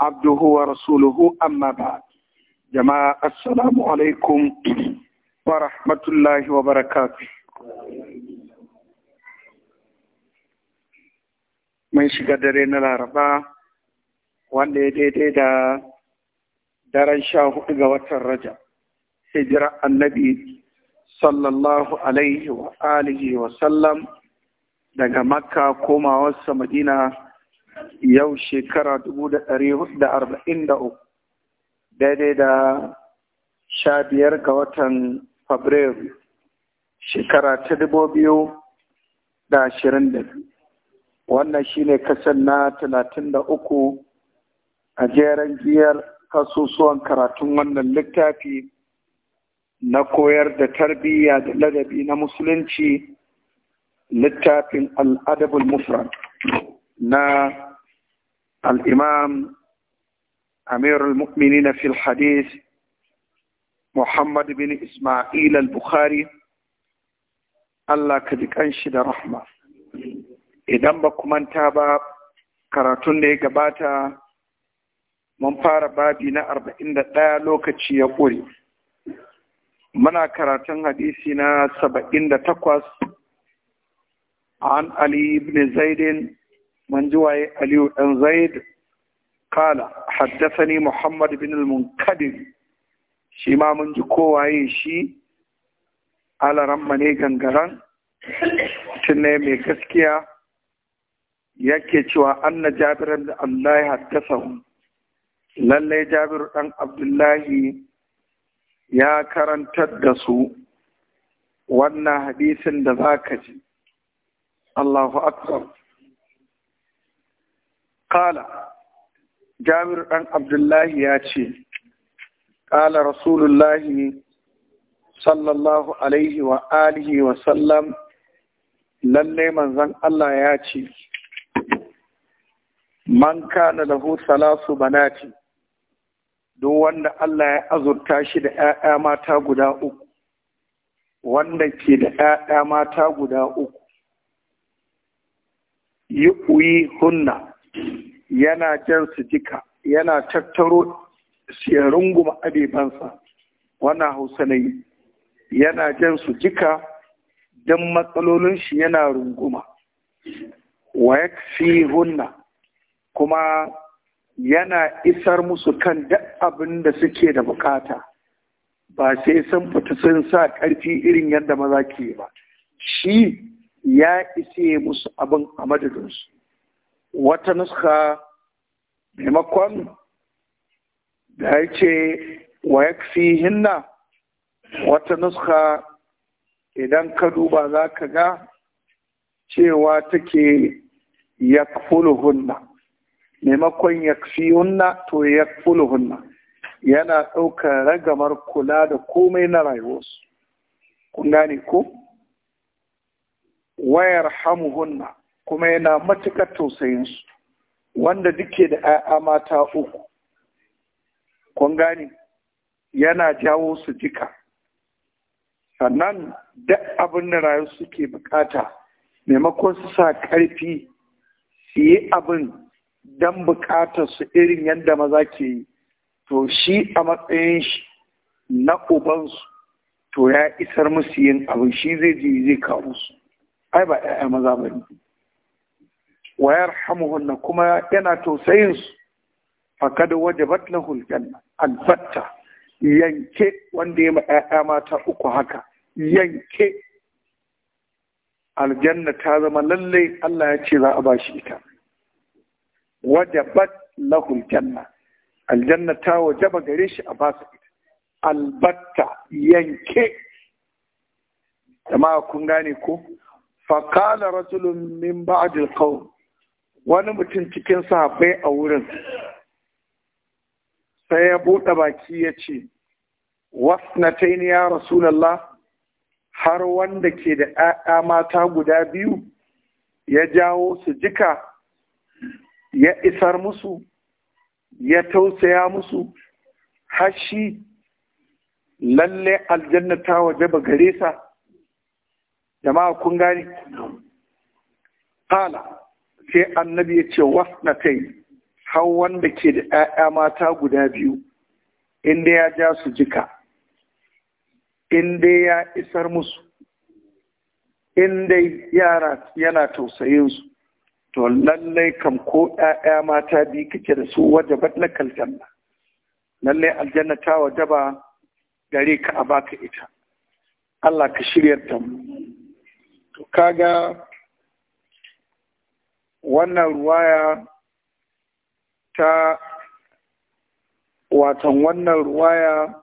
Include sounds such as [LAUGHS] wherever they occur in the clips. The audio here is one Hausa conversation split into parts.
abduhu wa rasuluhu amma ba jama'a assalamu alaikum [CLEARS THROAT] wa rahmatullahi wa barakatuh mun shiga dare na laraba wanda ya daidai da daren sha hudu ga watan raja hijira annabi sallallahu alaihi wa alihi wa sallam daga makka komawarsa madina yau shekara dubu da ɗari da arba'in da uku daidai da sha biyar ga watan fabrairu shekara ta dubu biyu da ashirin da biyu wannan shine kasan na talatin da uku a jeran giyar kasusuwan karatun wannan littafi na koyar da tarbiyya da ladabi na musulunci littafin al'adabul mufrad na al'imam amir al na fil hadith muhammad bin ismail al-bukhari Allah ka ji kanshi da rahma idan ba manta ba karatun da ya gabata mun fara babi na arba'in da ɗaya lokaci ya ƙure muna karatun hadisi na saba'in da takwas an ali ibn zaidin من Aliyu ɗan بن زيد haddasa ni محمد بن المنكدر shi ma mun ji kowaye shi alaramma ne gangaren tunai mai gaskiya yake cewa anna jabiran da Allah ya haddasa lallai jabiru ɗan abdullahi ya karantar da su wannan hadisin da za ka ji Allahu akbar Kala, Jabir ɗan Abdullahi ya ce, Kala Rasulullahi sallallahu alaihi wa alihi wa sallam lalle manzan Allah ya ce, Man kana lahu salasu banati, duk wanda Allah ya azurta shi da ‘ya'ya mata guda uku, wanda ke da ‘ya'ya mata guda uku, yi hunna. yana jan su jika yana tattaro ya runguma abebansa wannan hausa na yi yana jan su jika don matsalolin shi yana runguma wa ya fi hunna kuma yana isar musu kan duk abin da suke da bukata ba sai sun fita sun sa ƙarfi irin yadda maza ke ba shi ya ise musu abin a madadinsu wata nuska maimakon da ya ce wa ya hinna wata nuska idan ka duba za ka ga cewa take ya hunna maimakon ya hunna to ya hunna yana ɗaukar ragamar kula da komai na rayuwarsu kun gane ko wayar hamuhunna kuma yana matuƙar su, wanda duke da 'ya'ya mata uku kun gane yana jawo su jika sannan duk abin da rayu suke bukata maimakon su sa ƙarfi su yi abin don bukatar su irin yadda maza ke yi to shi a matsayin shi na ubansu to ya isar musu yin abin shi zai je zai kawo su ai ba 'ya'ya maza ba ne wa yarhamuhunna kuma yana tausayin su fakad wajabat lahul janna albatta yanke wanda ya ma mata uku haka yanke aljanna ta zama lallai Allah ya ce za a ba shi ita wajabat lahul janna aljanna ta wajaba gare shi a ba su albatta yanke jama'a kun gane ko faqala rajulun min ba'd al-qawm wani mutum cikin sahabbai a wurin sai ya buɗe baki ya ce wasnataini ya rasulallah har wanda ke da ‘ya'ya mata guda biyu ya jawo su jika ya isar musu ya tausaya musu hashi lalle aljanna ta waje ba gare sa jama'a kun gani Kala. sai annabi ya ce kai har wanda ke da 'ya'ya mata guda biyu inda ya ja su jika inda ya isar musu inda yara yana tausayin su to lallai kam ko 'ya'ya mata biyu kake da su ba na kaljanna lallai aljanna ta waje ba gare ka a baka ita Allah ka shirya ta mu to kaga wannan ruwaya ta watan wannan ruwaya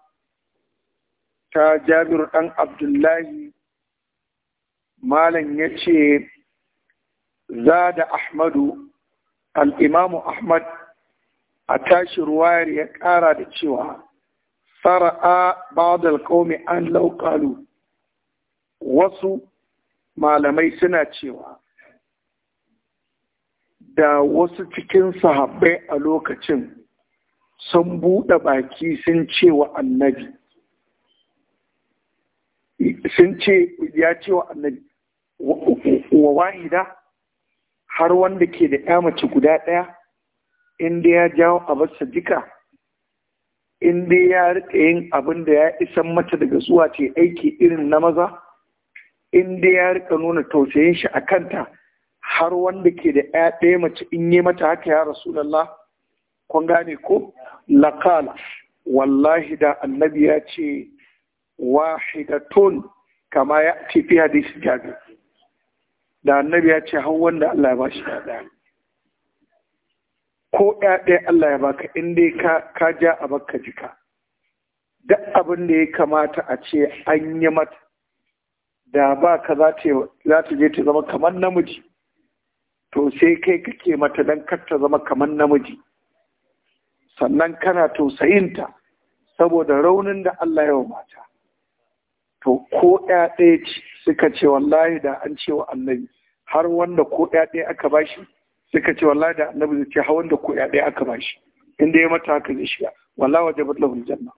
ta jabir ɗan abdullahi malam ya ce za da ahmadu al'imamu ahmad a tashi ruwayar ya ƙara da cewa ba da qaumi an lauƙalu wasu malamai suna cewa da wasu cikin sahabbai a lokacin sun buɗe baki sun ce wa annabi sun ce ya ce wa annabi wa wahida har wanda ke da ya mace guda ɗaya inda ya jawo a basa jika inda ya riƙa yin abin da ya isan mata daga zuwa ce aiki irin na maza inda ya riƙe nuna tausayin shi a kanta har wanda ke da ɗaya ɗaya mace in yi mata haka ya rasulallah kun gane ko laqala wallahi da annabi ya ce wahidatun kama ya ce fi hadisi jabi da annabi ya ce hau wanda Allah ya bashi shi ɗaya ko ɗaya ɗaya Allah ya baka in dai ka ka ja a baka jika duk abin da ya kamata a ce an yi mata da ba ka za ta je ta zama kamar namiji to sai kai kake mata don ta zama kamar namiji sannan kana tausayinta saboda raunin da Allah ya mata to ko ɗaya ɗaya ce suka ce wallahi da an ce wa annabi har wanda ko ɗaya ɗaya aka bashi suka ce wallahi da annabi zai ce har wanda ko ɗaya ɗaya aka bashi inda ya mata haka zai shiga wallahi wajabat lahul janna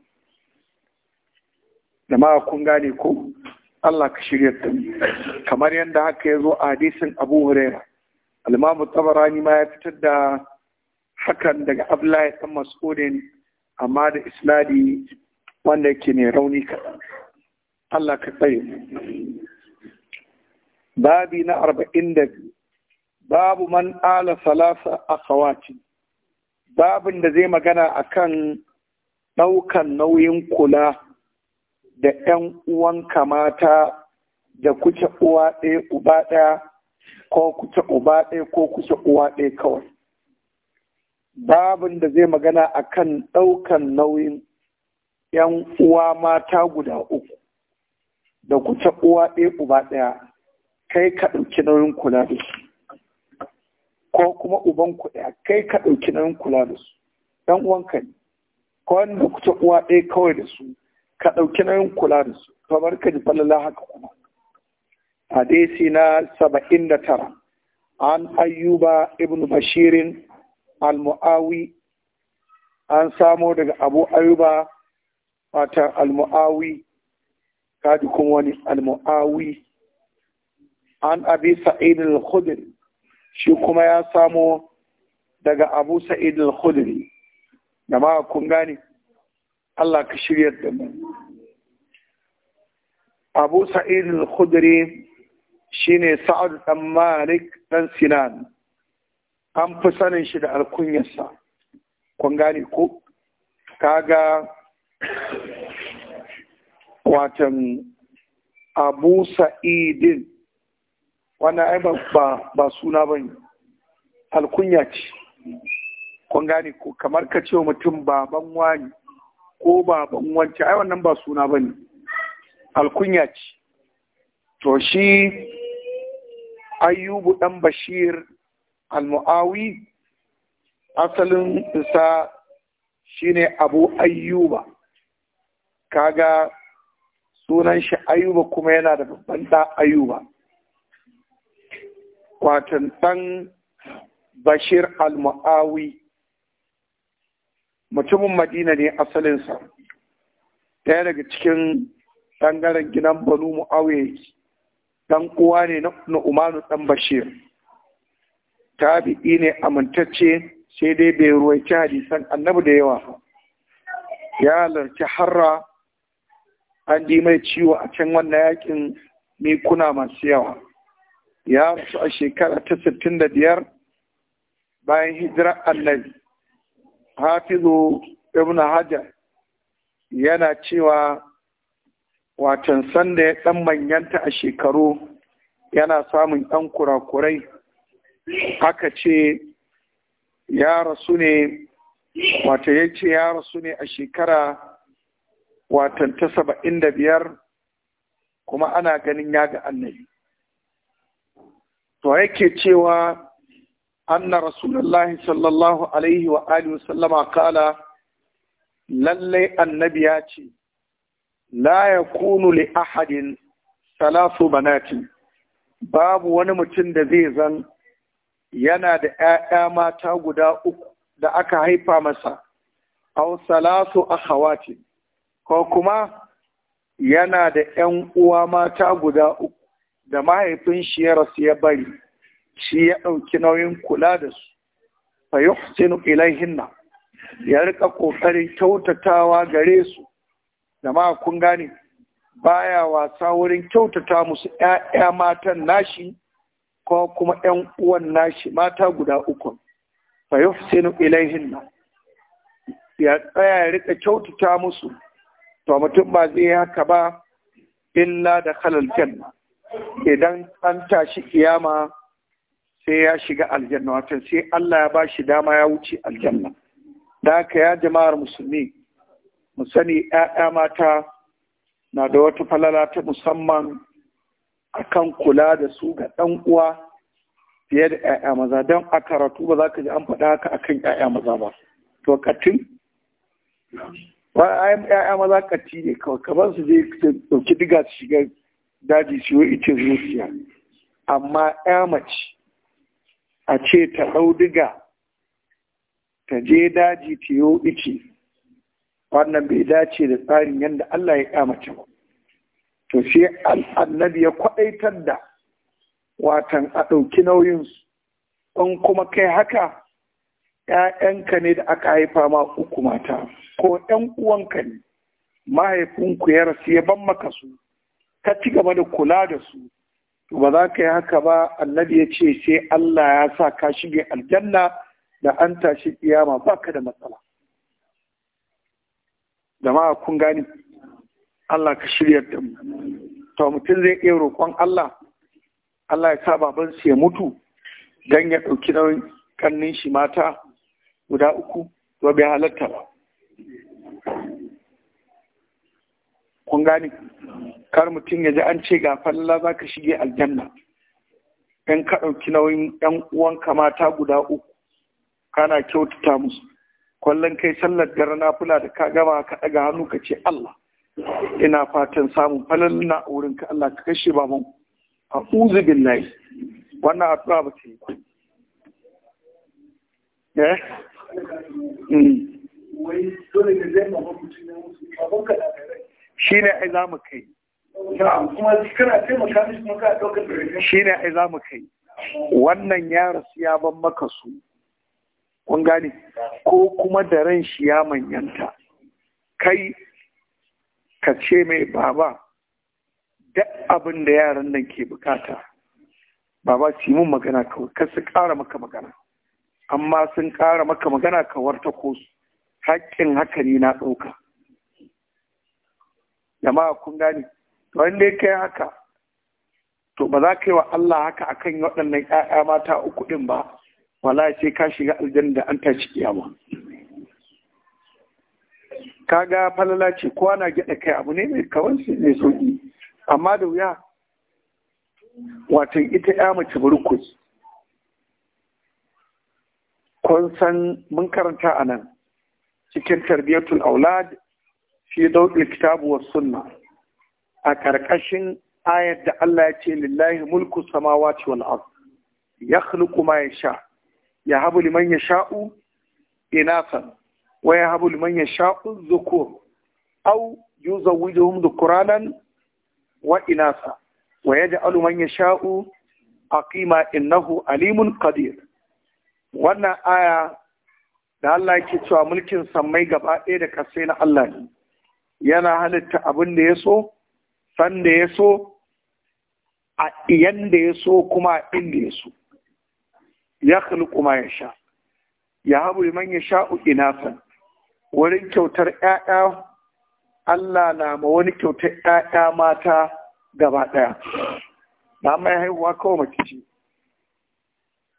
jama'a kun gane ko Allah ka shirya ta kamar yadda haka ya zo a hadisin Abu Huraira Al'imamu tabarani ma ya fitar da hakan daga abdullahi dan mas'udin amma da isnadi wanda yake ne rauni kaɗan Allah ka tsaye babi na arba'in da biyu babu man ala salasa a kawaci. babin da zai magana a kan ɗaukan nauyin kula da ‘yan uwan kamata da kuke uwa ɗaya uba ɗaya ko kusa uba ɗaya ko kusa uwa ɗaya kawai babin da zai magana a kan ɗaukan nauyin ‘yan uwa mata guda uku da kusa uwa ɗaya uba ɗaya kai ka ɗauki nauyin kula da su ko kuma uban ku ɗaya kai ka ɗauki nauyin kula da su ɗan uwanka ne ko wanda kusa uwa ɗaya kawai da su ka ɗauki nauyin kula da su kamar ka ji falala haka kuma hadisi na saba'in da tara an ayyuba Ibnu bashirin al-mu'awi an samo daga abu ayyuba wata al-mu'awi kaji kuma wani al-mu'awi an abi sa'id al shi kuma ya samo daga abu sa'id al-khudri kun gane Allah ka shirya da mu abu sa'id al shine sa'ad dan malik dan sinan an fi sanin shi da alkunyarsa kun gane ko kaga watan abu sa'idin wannan ai ba, ba suna ba ne alkunya ce kun gane ko kamar ka ce mutum baban wani ko baban wancan ai wannan ba suna ba ne alkunya ce to shi ayyubu ɗan bashir al-mu'awi asalin isa shine abu ayyuba kaga sunan shi ayyuba kuma yana da babban ɗan ayyuba. kwatan ɗan bashir al-mu'awi mutumin madina ne asalinsa ɗaya daga cikin ɓangaren gidan banu mu'awiya dan uwa ne na Umaru dan bashir tabi'i ne amintacce sai dai bai ta hadisan annabi da yawa ya halarci harra an di mai ciwo a can wannan yakin mikuna masu yawa ya rasu a shekara ta sittin biyar bayan hijirar annabi hafizu ibnu hajar yana cewa watan sanda ya ɗan manyanta a shekaru yana samun ɗan kurakurai aka ce ya rasu ne wata ya ce ya rasu ne a shekara watan ta saba'in da biyar kuma ana ganin ya ga annabi to yake cewa anna rasulullahi sallallahu alaihi wa alihi wasallama kala lallai annabi ya ce la yakunu li ahadin salasu banati babu wani mutum da zai zan yana da ‘ya'ya mata guda uku da aka haifa masa, au salasu akhawati ko kuma yana da ‘yan uwa mata guda uku da mahaifin shi ya rasu ya bari, shi ya ɗauki nauyin kula da su, fa yuhsinu ilaihinna ya riƙa ƙoƙarin kyautatawa gare su, jama'a kun gane baya wasa wurin kyautata musu ‘ya'ya matan nashi ko kuma ‘yan uwan nashi mata guda uku fa yufsinu ilaihinna ya tsaya ya rika kyautata musu to mutum ba zai haka ba illa da halal janna idan an tashi kiyama sai ya shiga aljanna wato sai Allah ya bashi dama ya wuce aljanna da haka ya jama'ar musulmi mu sani ‘ya'ya mata na da wata falala ta musamman akan kula da su ga ɗan uwa fiye da ‘ya'ya maza don a karatu ba za ka ji an faɗa haka akan ‘ya'ya maza ba to katin ‘ya'ya maza kati ne kawai kamar su je ɗauki diga su shiga daji su yi ita zuciya amma ‘ya mace a ce ta ɗau diga ta je daji ta yi ice wannan bai dace da tsarin yadda Allah ya kamace ba to shi annabi ya kwadaitar da watan a ɗauki nauyinsu in kuma kai haka ‘ya'yanka ne da aka haifa ma uku mata ko ‘yan uwanka ne mahaifinku ya rasu ya ban maka su ka ci gaba da kula da su To ba za ka yi haka ba annabi ya ce sai Allah ya sa ka shige aljanna da an tashi kiyama baka da matsala jama'a kun gani Allah ka shirya da mu to mutum zai iya roƙon Allah Allah ya sa baban ya mutu dan ya ɗauki nauyin kannin shi mata guda uku to bai halatta ba kun gani kar mutum ya ji an ce ga falla za ka shige aljanna in ka ɗauki nauyin 'yan uwanka mata guda uku kana kyautata musu kwallon kai sallar dare na fula da ka gama ka ɗaga hannu ka ce Allah ina fatan samun falalna a wurin ka Allah ka kashe baban a uzu billahi wannan addu'a ba ta yi ba eh mm. shi ne ai za mu kai shi ne ai za mu kai wannan ya rasu ya ban maka su kun gane ko kuma da ran shi ya manyanta kai ka ce mai baba da abin da yaran nan ke bukata baba su mun magana kawai ka su ƙara maka magana amma sun kara maka magana ka warta ko su haƙƙin haka ne na ɗauka jama'a kun gane wanda ya kai haka to ba za ka yi wa Allah haka akan waɗannan 'ya'ya mata uku ɗin ba ya sai ka shiga aljanna da an tashi kiyama kaga falala ce kowa na gyaɗa kai abu ne mai kawanci mai sauƙi amma da wuya watan ita ya mace burkus kun san mun karanta a nan cikin tarbiyyatul aulad fi dauɗin kitabu wa sunna a ƙarƙashin ayar da Allah ya ce lillahi mulku samawati wal ard yakhluqu ma yasha' ya habu liman ya sha'u inasan wa ya habu liman ya sha'u zukur au yuzawwijuhum dhukuranan wa inasa wa yaj'alu man yasha'u aqima innahu alimun qadir wannan aya da Allah yake cewa mulkin sammai gaba ɗaya da kasai na Allah ne yana halitta abin da ya so san da ya so a iyan da ya so kuma inda ya so ya kuma ya sha. ya habu liman yasha'u inasan wurin kyautar 'ya'ya Allah na ma wani kyautar 'ya'ya mata gaba ɗaya na mai haihuwa kawai makici.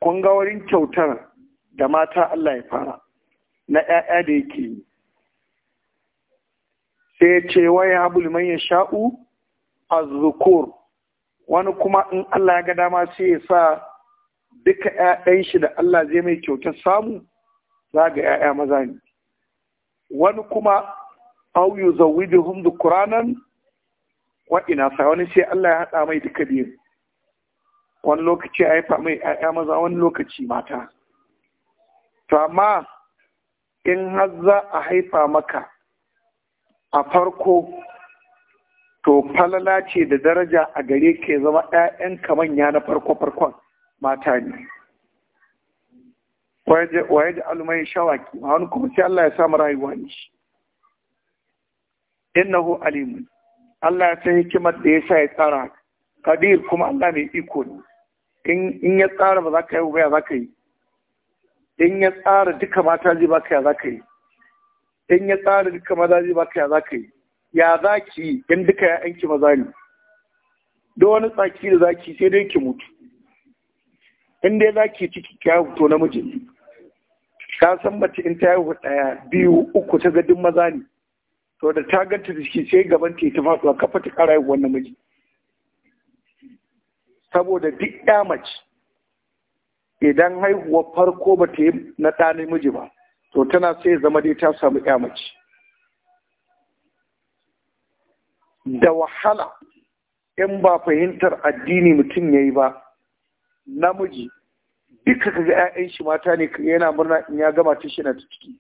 kun ga wurin kyautar da mata Allah ya fara na 'ya'ya da yake yi sai ce ya habu liman sha'u a zukur wani kuma in Allah ya ga dama sai ya sa duka ‘ya'yan shi da Allah zai mai kyautar samu za ga ‘ya'ya maza ne. Wani kuma auyu yi zauwi da hundu kuranan wa'ina sa wani sai Allah ya haɗa mai duka biyu. Wani lokaci a haifa mai ‘ya'ya maza wani lokaci mata. To amma in har a haifa maka a farko to falala ce da daraja a gare ke zama ‘ya'yanka manya na farko-farkon mata ne Waye da ji almai shawaki ma wani kuma sai Allah ya samu rayuwa ne shi innahu alimu, Allah ya san hikimar da ya sa ya tsara kadir kuma Allah mai iko ne in ya tsara ba za ka yi ba ya za ka yi in ya tsara duka mata zai baka ya za ka yi in ya tsara duka maza zai baka ya za ka yi ya za ki in duka ya yanki maza ne Do wani tsaki da za ki sai dai ki mutu in dai za ki ciki ki haihu to namiji ka san mace in ta haihu ɗaya biyu uku ta ga maza ne to da ta ganta da shi sai gaban ta ta faɗuwa kafa ta ƙara haihuwar namiji saboda duk ya mace idan haihuwar farko ba ta yi na ɗa namiji ba to tana sai zama dai ta samu ya mace da wahala in ba fahimtar addini mutum ya yi ba namiji duka kaga 'ya'yan shi mata ne yana murna in ya gama ta shi na ta ciki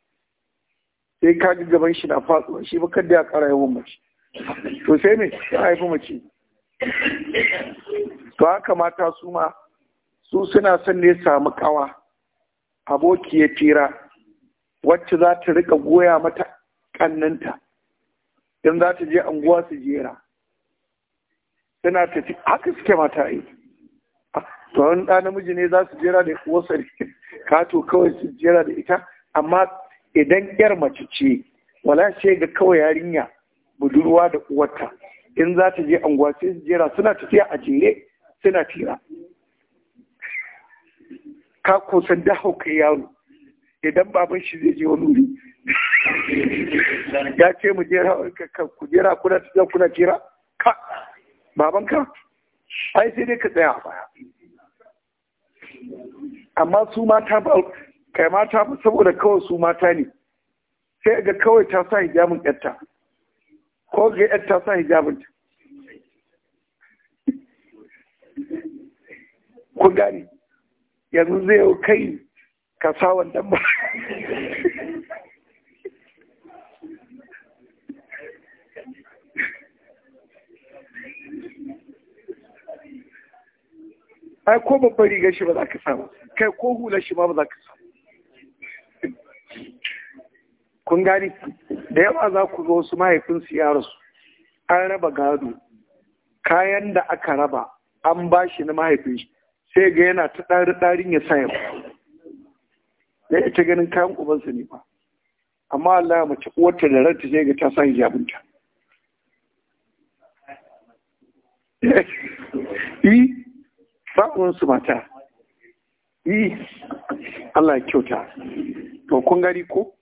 sai ka ji gaban shi na faɗuwa shi ba kadda ya ƙara yawan mace to sai me ya haifi mace to haka mata su ma su suna son ne samu ƙawa aboki ya tira wacce za ta riƙa goya mata ƙannanta in za ta je anguwa su jera suna tafi haka suke mata aiki to wani ɗa namiji ne za su jera da wasu kato kawai su jera da ita amma idan yar mace ce wala ce ga kawai yarinya budurwa da uwarta in za ta je anguwa sai su jera suna tafiya a jere suna tira ka kusan da hauka yaro idan baban shi zai je wani wuri ya ce mu jera ku jera kuna tafiya kuna jera ka baban ka ai sai dai ka tsaya a baya amma su mata ba kai mata ba saboda kawai su mata ne sai ga kawai ta sa hijabin yarta ko ga yar ta sa hijabin ku gani yanzu zai yau kai ka sa wannan ba ai ko babbar riga shi ba za ka samu kai ko hular shi ma ba za ka samu kun gani da yawa za ku zo su mahaifinsu ya an raba gado kayan da aka raba an ba shi na mahaifin shi sai ga yana ta ɗari ɗarin ya sa ya ya ita ganin kayan ubansa ne ba amma Allah ya mace uwarta da ranta sai ga ta sa hijabinta yi eh, sa'uwansu [LAUGHS] eh, mata yi eh, Allah ya kyauta to kun gari ko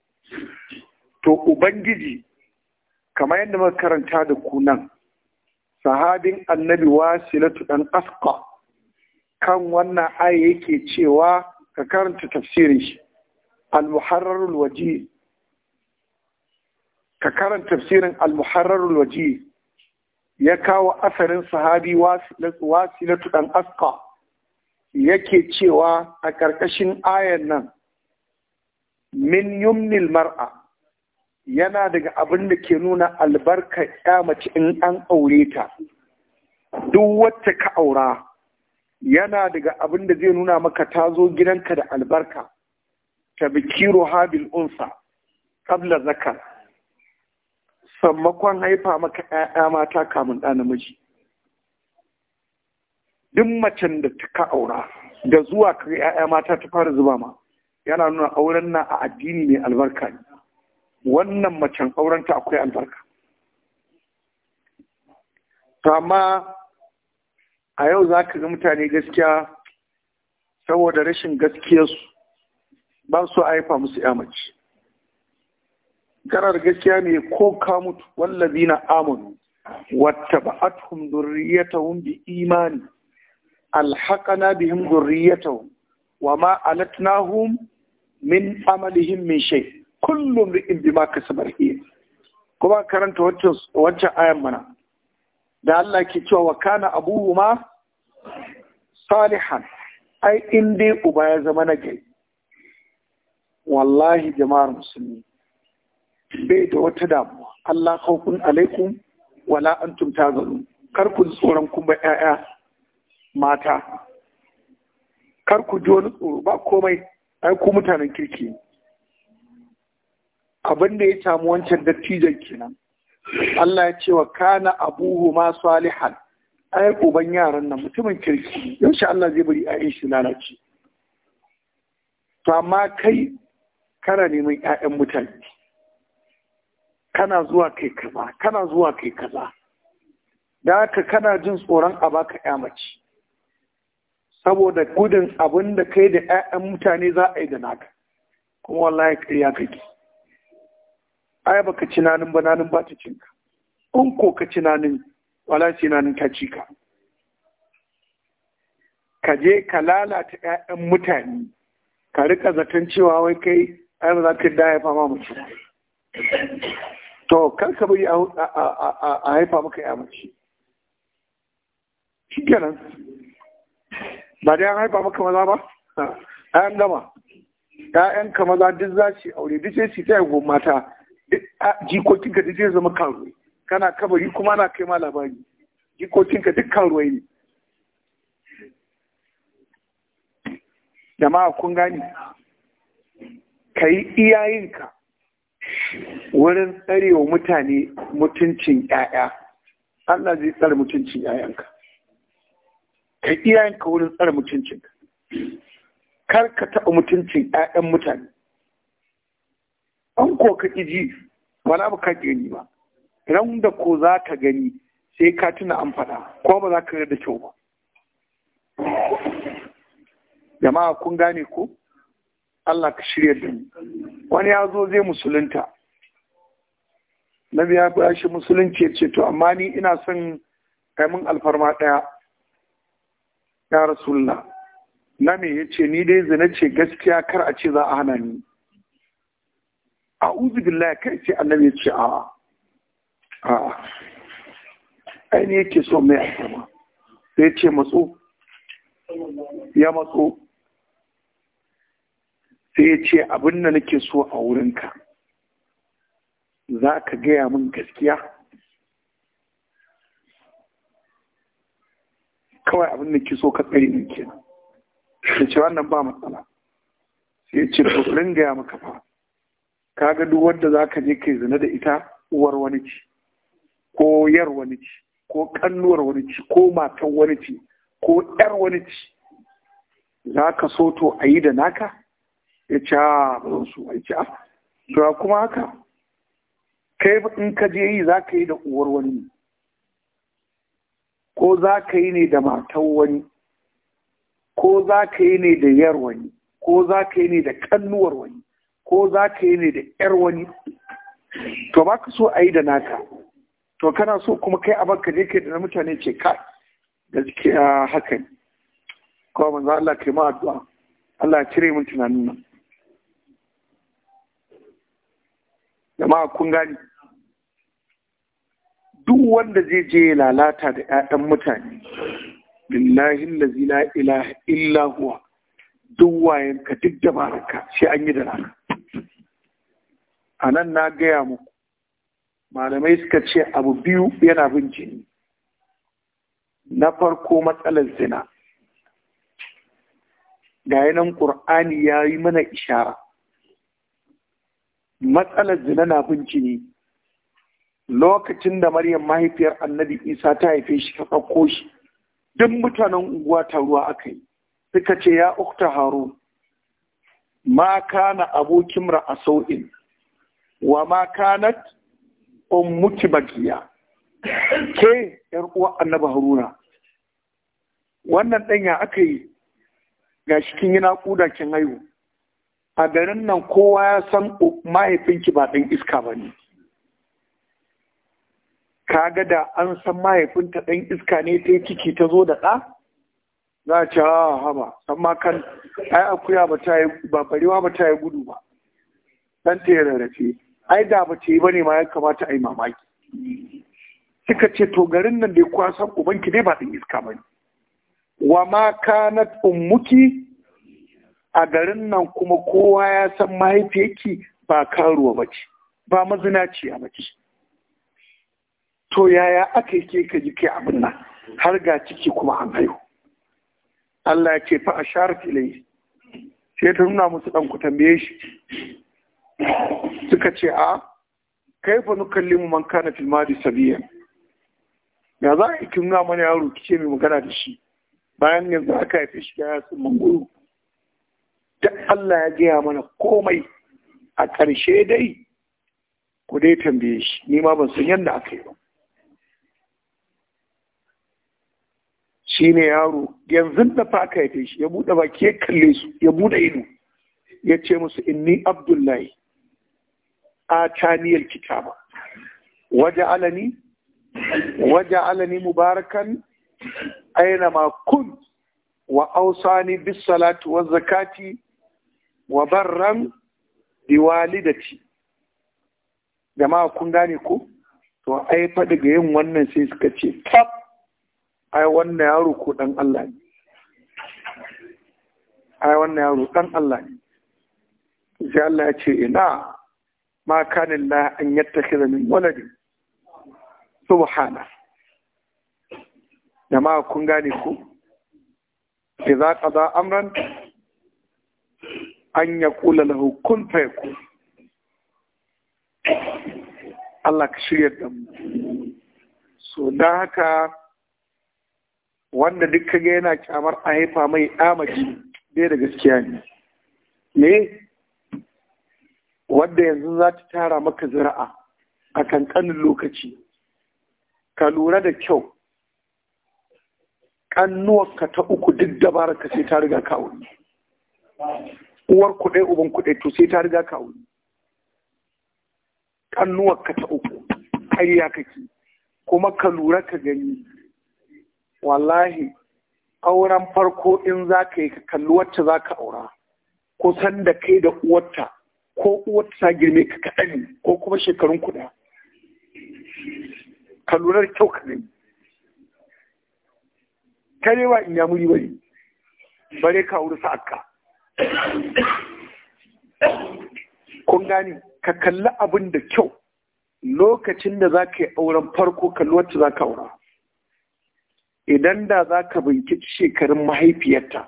to ubangiji kamar yadda muka karanta da ku nan sahabin annabi wasilatu dan asqa kan wannan aya yake cewa ka karanta tafsirin shi al-muharrarul waji ka karanta tafsirin al-muharrarul waji ya kawo asarin sahabi wasilatu dan asqa yake cewa a ƙarƙashin ayan nan min yumnil mar'a yana daga abin da ke nuna albarka ya mace in an aure ta duk wacce ka aura yana daga abin da zai nuna maka ta zo gidanka da albarka ta biki habil unsa kabla zakar sammakon haifa maka 'ya'ya mata kamun ɗa namiji duk macen da ta ka aura da zuwa ka ya'ya mata ta fara zuba ma yana nuna auren na a addini mai albarka ne wannan macen aurenta akwai albarka amma a yau za ka ga mutane gaskiya saboda rashin gaskiyarsu ba su haifa musu ya mace garar gaskiya ne ko ka mutu wallazi na amanu wata ba'atuhum zurriyatahum bi imani alhaqana bihim dhurriyyatahum wa ma alatnahum min amalihim min shay kullum ri'in bima kasabar hiya kuma karanta waccan wancan ayan mana da Allah ke cewa wa kana abuhuma salihan ai in dai uba ya zama na gari wallahi jama'ar musulmi bai da wata damuwa Allah kawkun alaikum wala antum tazalun kar ku tsoron kun ba ƴaƴa mata kar ku ji wani tsoro ba komai ai ku mutanen kirki abin da ya samu wancan dattijan kenan Allah ya ce wa kana abuhu ma salihan ai uban yaran nan mutumin kirki yaushe Allah zai bari ai shi lalace to amma kai kana neman ƴaƴan mutane kana zuwa kai kaza kana zuwa kai kaza da haka kana jin tsoron a baka ƴa mace saboda gudun abin da kai da 'ya'yan mutane za a yi da naka kuma wallahi ƙarya kake ai baka ci nanin ba nanin ba ta cin ka. in ko ka ci nanin wallahi ci nanin ta ci ka ka je ka lalata 'ya'yan mutane ka rika zaton cewa wai kai ai ba za ka da haifa ma mace to kar ka bari a haifa maka ya mace shikenan ba da an haifa maka maza ba ayan gama ƴaƴan ka maza duk za su aure duk sai su taya goma mata jikokinka jikokin duk zai zama karuwai kana kabari kuma na kai ma labari jikokin ka duk karuwai ne jama'a kun gani ka yi iyayenka wurin tsarewa mutane mutuncin 'ya'ya Allah zai tsare mutuncin 'ya'yanka ka iyayenka wurin tsare mutuncinka kar ka taɓa mutuncin 'ya'yan mutane an ko ka ji wani abu ka gani ba idan da ko za ka gani sai ka tuna an faɗa ko ba za ka da kyau ba jama'a kun gane ko Allah ka shirya da mu wani ya zo zai musulunta na biya bashi musulunci musulunci ce to amma ni ina son kaimin alfarma ɗaya ya rasulla na me ya ce ni dai zina ce gaskiya kar a ce za a hana ni a uzu billahi kai ce annabi ya ce a'a a'a ai ne yake so mai alfarma sai ya ce matso ya matso sai ya ce abin da nake so a wurinka za ka gaya min gaskiya kawai abin da ke so ka tsare ne ke ya ce wannan ba matsala sai ya ce to gaya maka fa ka ga duk wanda za ka je kai zina da ita uwar wani ci ko yar wani ci ko kannuwar wani ci ko matan wani ci ko yar wani ci za ka so to a yi da naka ya ce a ba su a ce a ah, to kuma haka kai in ka je yi za ka yi da uwar wani ne ko za ka yi ne da matan wani ko za ka yi ne da yar wani ko za ka yi ne da kannuwar wani ko za ka yi ne da yar wani to ba ka so a yi da naka to kana so kuma kai a baka ne ke da na mutane ce ka gaskiya haka ne kuma manzo Allah kai ma addu'a Allah ya cire min tunanin nan jama'a kun gani duk wanda zai je ya lalata da 'ya'yan mutane lillahi allazi la ilaha illa huwa duk wayanka duk da baraka sai an yi da rana. a nan na gaya muku malamai suka ce abu biyu yana bin jini na farko matsalar zina ga nan ƙur'ani ya yi mana ishara matsalar zina na bin jini lokacin da maryam mahaifiyar annabi isa ta haife shi ta ɗauko shi duk mutanen unguwa ta ruwa aka yi suka ce ya ukta Haru. ma kana abokin ra'a wa ma kanat ummuki bakiya, ke yar uwa annabi haruna wannan ɗanya ya aka yi ga shi kin yi naƙuda kin haihu a garin nan kowa ya san mahaifinki ba ɗan iska bane. Ka ga da an san mahaifinta ɗan iska ne ta yi ciki ta zo da ɗa za a ce ha ah, haba amma kan ai akuya ba ta yi ba barewa ba ta yi gudu ba dan ta yi rarrafe ai da ba ta yi ba ne ma ya kamata a yi mamaki Kika ce to garin nan da ya kwasan ubanki dai ba ɗan iska ba ne wa ma na ummuki a garin nan kuma kowa ya san mahaifiyarki ba karuwa bace ba mazinaciya bace to yaya aka yi ke ka ji kai abin nan har ga ciki kuma an haihu Allah ya ce fa a sharat sai ta nuna musu dan ku tambaye shi suka ce a kai fa nukallimu man kana fil madi sabiya ya za a kin nuna mana yaro kice mai magana da shi bayan yanzu aka haife shi ya sun mangoro da Allah ya gaya mana komai a ƙarshe dai ku dai tambaye shi ni ma ban san yadda aka yi ba shi ne yaro yanzu da faka ya shi ya buɗe baki ya kalle su ya buɗe ido ya ce musu inni abdullahi a taniyar kitaba waje alani waje alani mubarakan aina ma kun wa ausani bis salatu wa zakati wa barran bi walidati jama'a kun gane ko to ai faɗi ga yin wannan sai suka ce tab ai wannan yaro ko dan Allah ne ai wannan yaro dan Allah ne sai Allah ya ce ina ma kana na an yattakhidha min waladi subhana jama'a kun gane ku idza qada amran an yaqula lahu kun fayakun Allah ka shirya da mu so da haka wanda duk kaga yana kyamar a haifa mai amaci bai da gaskiya ne me wanda yanzu za ta tara maka zira'a a kankanin lokaci ka lura da kyau ƙannuwarka ta uku duk dabarar ka sai ta riga kawo uwar kuɗai uban kuɗai to sai ta riga ka wuri ƙannuwarka ta uku ƙarya kake kuma ka lura ka gani wallahi auren farko in za ka yi ka kalli wacce za ka aura kusan da kai da uwarta ko uwarta ta girme ka kaɗani ko kuma shekarun kuɗa ka lura da kyau ka gani karewa in ya muri bari bare ka wuri sa'akka kun gane ka kalli abin da kyau lokacin da za ka yi auren farko kalli wacce za ka aura idan da za ka binciki shekarun mahaifiyarta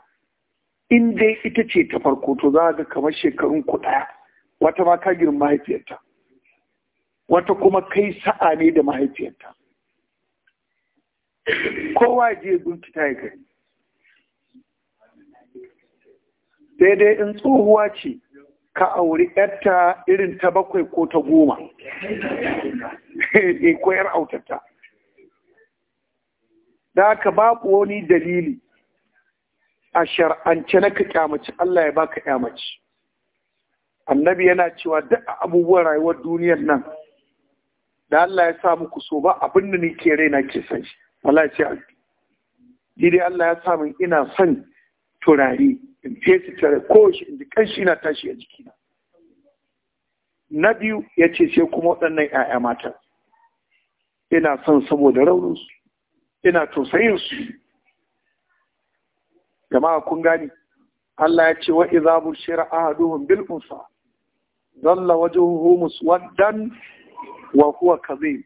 in dai ita ce ta farko to za ga kamar shekarun ku ɗaya wata ma ka girin mahaifiyarta wata kuma kai sa'a ne da mahaifiyarta kowa je bincika ya gani sai dai in tsohuwa ce ka auri yarta irin ta bakwai ko ta goma [LAUGHS] ko yar autarta da haka babu wani dalili a shar'ance na ka kyamaci Allah ya baka kyamaci annabi yana cewa duk abubuwan rayuwar duniyar nan da Allah ya sa muku so ba abin da nake raina ke san shi wallahi ce dai Allah ya sa min ina son turare in fesa tare ko shi in kanshi na tashi a jiki na biyu ya ce sai kuma waɗannan 'ya'ya mata ina son saboda rauninsu ina tausayin su jama'a kun gani Allah ya ce wa idza bushira ahaduhum bil unsa dalla wajhuhu muswaddan wa huwa kadhib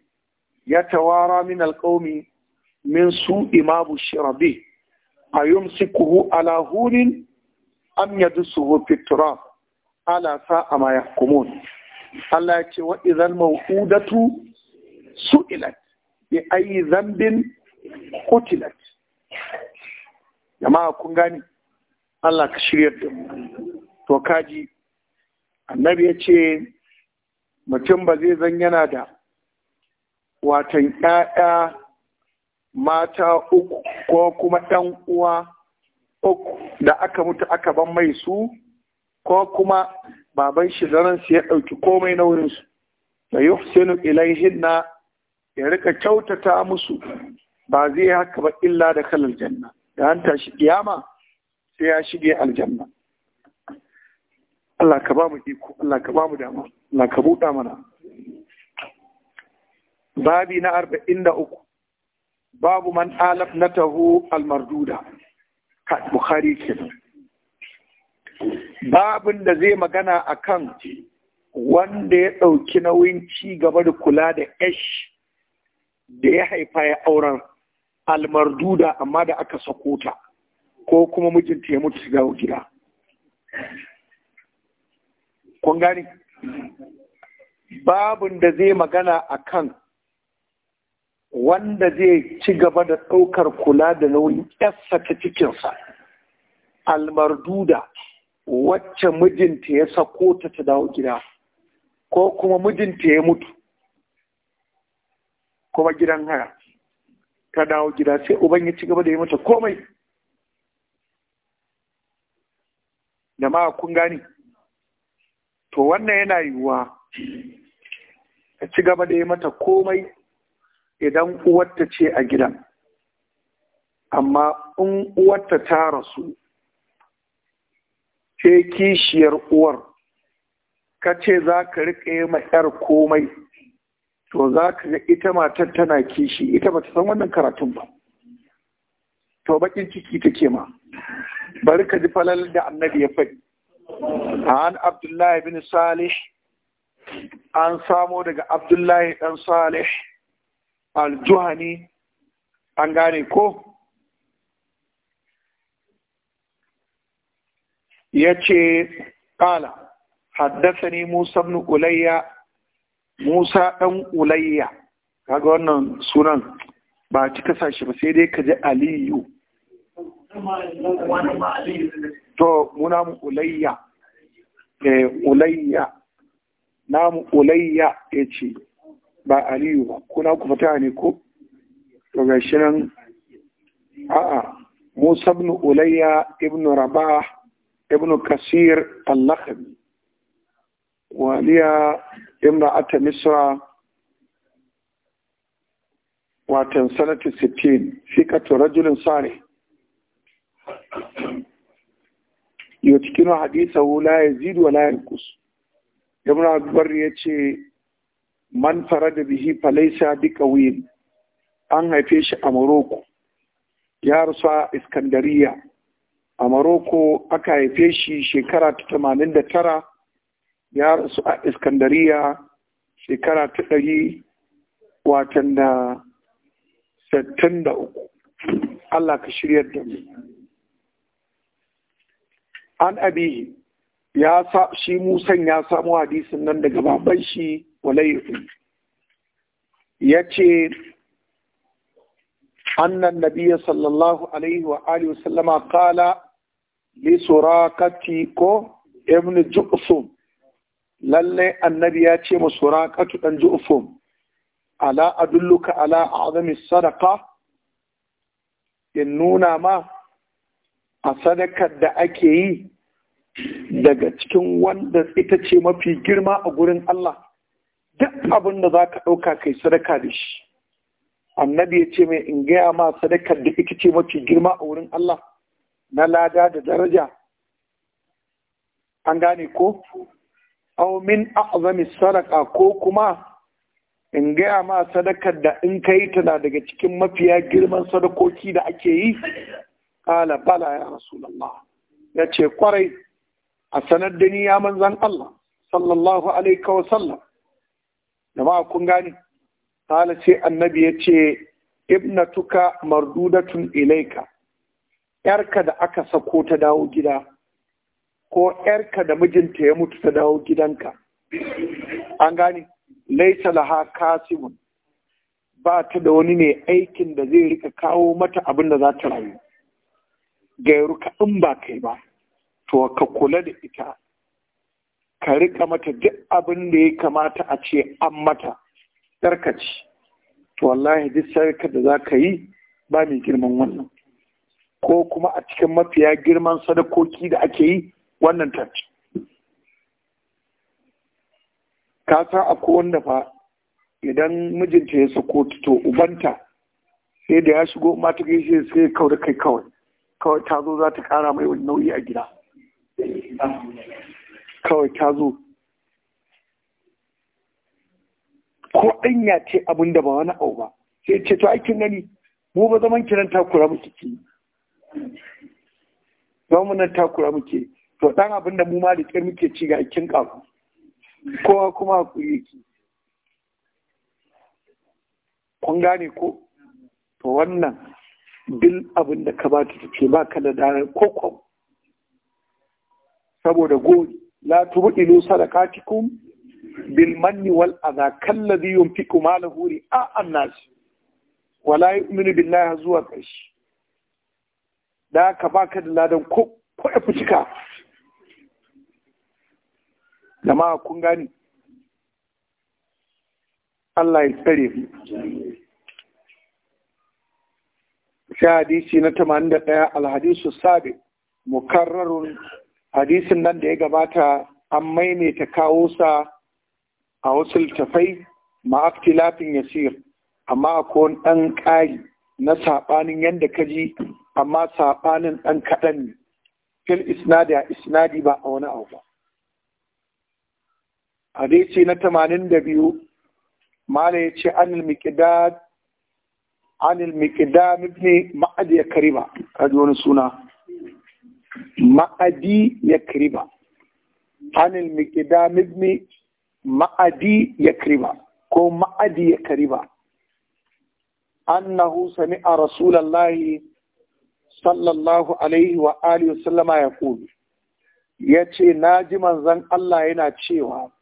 yatawara min al qawmi min su'i ma bushira bih ayumsikuhu ala hunin am yadsuhu fi turab ala sa'a ma yahkumun Allah ya ce wa idza al mawqudatu su'ilat bi ayi dhanbin Kotilat, jama'a kun gane Allah ka shirya da to kaji annabi ya ce mutum ba zai zan yana da watan 'ya'ya mata uku ko kuma ɗan uwa uku da aka mutu aka ban mai su ko kuma baban shi zaransu ya ɗauki komai nauyinsu da yuhsinu ilaihinna ya rika kyautata musu ba zai haka ba illa da kalar janna da an tashi kiyama sai ya shige aljanna Allah ka ba mu iko Allah ka ba mu dama Allah ka buɗa mana babi na arba'in da uku babu man alaf na taho almarduda bukhari kenan babin da zai magana a kan wanda ya ɗauki nauyin ci gaba da kula da ash da ya haifa ya aurar almarduda amma da aka sako ko kuma mijinta ya mutu shiga gida kun gani babin da zai magana a kan wanda zai ci gaba da ɗaukar kula da nauyin ƙyarsa ta cikinsa almarduda wacce mijinta ya sakota ta ta dawo gida ko kuma mijinta ya mutu kuma gidan haya ta dawo gida sai uban ya ci gaba da yi mata komai Da ma kun gani to wannan yana yiwuwa ta ci gaba da yi mata komai idan uwarta ce a gidan amma in uwarta ta rasu sai kishiyar uwar ka ce za ka riƙe ma 'yar komai to za ka ga ita matar tana kishi ita ba ta san wannan karatun ba to bakin ciki take ma bari ka ji falal da annabi ya faɗi an abdullahi bin salih an samo daga abdullahi dan salih aljuhani an gane ko ya ce ƙala haddasa ne musa ibn ulayya Musa ɗan Ulayya kaga wannan sunan ba cika sashi ba sai dai ka ji Aliyu to muna Ulayya eh Ulayya namu Ulayya ce ba Aliyu ba kuna ku fata ne ko to gashi nan a'a Musa ibn Ulayya ibn Rabah ibn Kasir Allahabi. waliya imra'ata misra watan sanata 60 fiqatu rajulin salih yutkinu hadithahu ya yazid wa la yanqus ibn akbar yace man da bihi duka wuyin. an haife shi a Morocco ya rasu a Iskandariya a Morocco aka haife shi shekara ta 89 ya rasu a iskandariya shekara ta ɗari watan da sittin da uku Allah ka shirya da mu an abihi ya sa shi musan ya samu hadisin nan daga baban shi walaifu ya ce annan nabiya sallallahu alaihi wa alihi wasallama kala li surakati ko ibn ju'sum lallai annabi ya ce mu suraqatu dan ju'fum ala adulluka ala azami sadaqa in nuna ma a sadakar da ake yi daga cikin wanda ita ce mafi girma a gurin Allah duk abin da za ka ɗauka kai sadaka da shi annabi ya ce mai in gaya ma sadakar da ita ce mafi girma a wurin Allah na lada da daraja an gane ko aw min a'zami sadaqa ko kuma in gaya ma sadakar da in kai tana daga cikin mafiya girman sadakoki da ake yi kala bala ya rasulullah ya kwarai a sanar da ni ya manzan Allah sallallahu alaihi wa sallam kun gane kala sai annabi ya ce ibnatuka mardudatun ilaika yarka da aka sako ta dawo gida ko ‘yarka da mijinta ya mutu ta dawo gidanka an gane laisa laha kasibun ba ta da wani ne aikin da zai rika kawo mata abin da za ta rayu gairu ka in ba kai ba to ka kula da ita ka rika mata duk abin da ya kamata a ce an mata ci. to wallahi duk sarkar da za ka yi ba mai girman wannan ko kuma a cikin mafiya girman sadakoki da ake yi wannan tanci ka san akwai wanda fa idan mijinta ya sako to ubanta sai da ya shigo mata gaishe sai ya kaura kai kawai kawai ta zo za ta kara mai wani nauyi a gida kawai ta zo ko ɗanya ce abin da ba wani abu ba sai ce to aikin gani mu ba zaman kiran takura muke zaman nan takura muke to dan abin da mu ma da kyar muke ci ga kin kafu kowa kuma ku yi ki, kun gane ko to wannan bil abin da ka ba ta ba ka da dare ko ko saboda gori la tubdilu sadaqatikum bil manni wal adha kalladhi yunfiqu malahu ri'a an-nas wala yu'minu billahi zuwa kashi da ka baka da ladan ko ko ya cika. jama'a kun gani Allah ya tsare mu sai hadisi na 81 alhadisu sabi mukarrarun hadisin nan da ya gabata an maimaita kawo sa a wasu littafai ma'aftilafin yasir amma akwai ɗan ƙari na saɓanin yadda ka ji amma saɓanin ɗan kaɗan ne fil isnadi a isnadi ba a wani abu ba hadisi na tamanin da biyu mala ya ce anil miqdad anil miqdam ibn ma'ad ya kariba kaji wani suna ma'adi ya kariba anil miqdam ibn ma'adi ya kariba ko ma'adi ya kariba annahu sami'a rasulullahi sallallahu alaihi wa alihi ya ya ce na ji manzon Allah yana cewa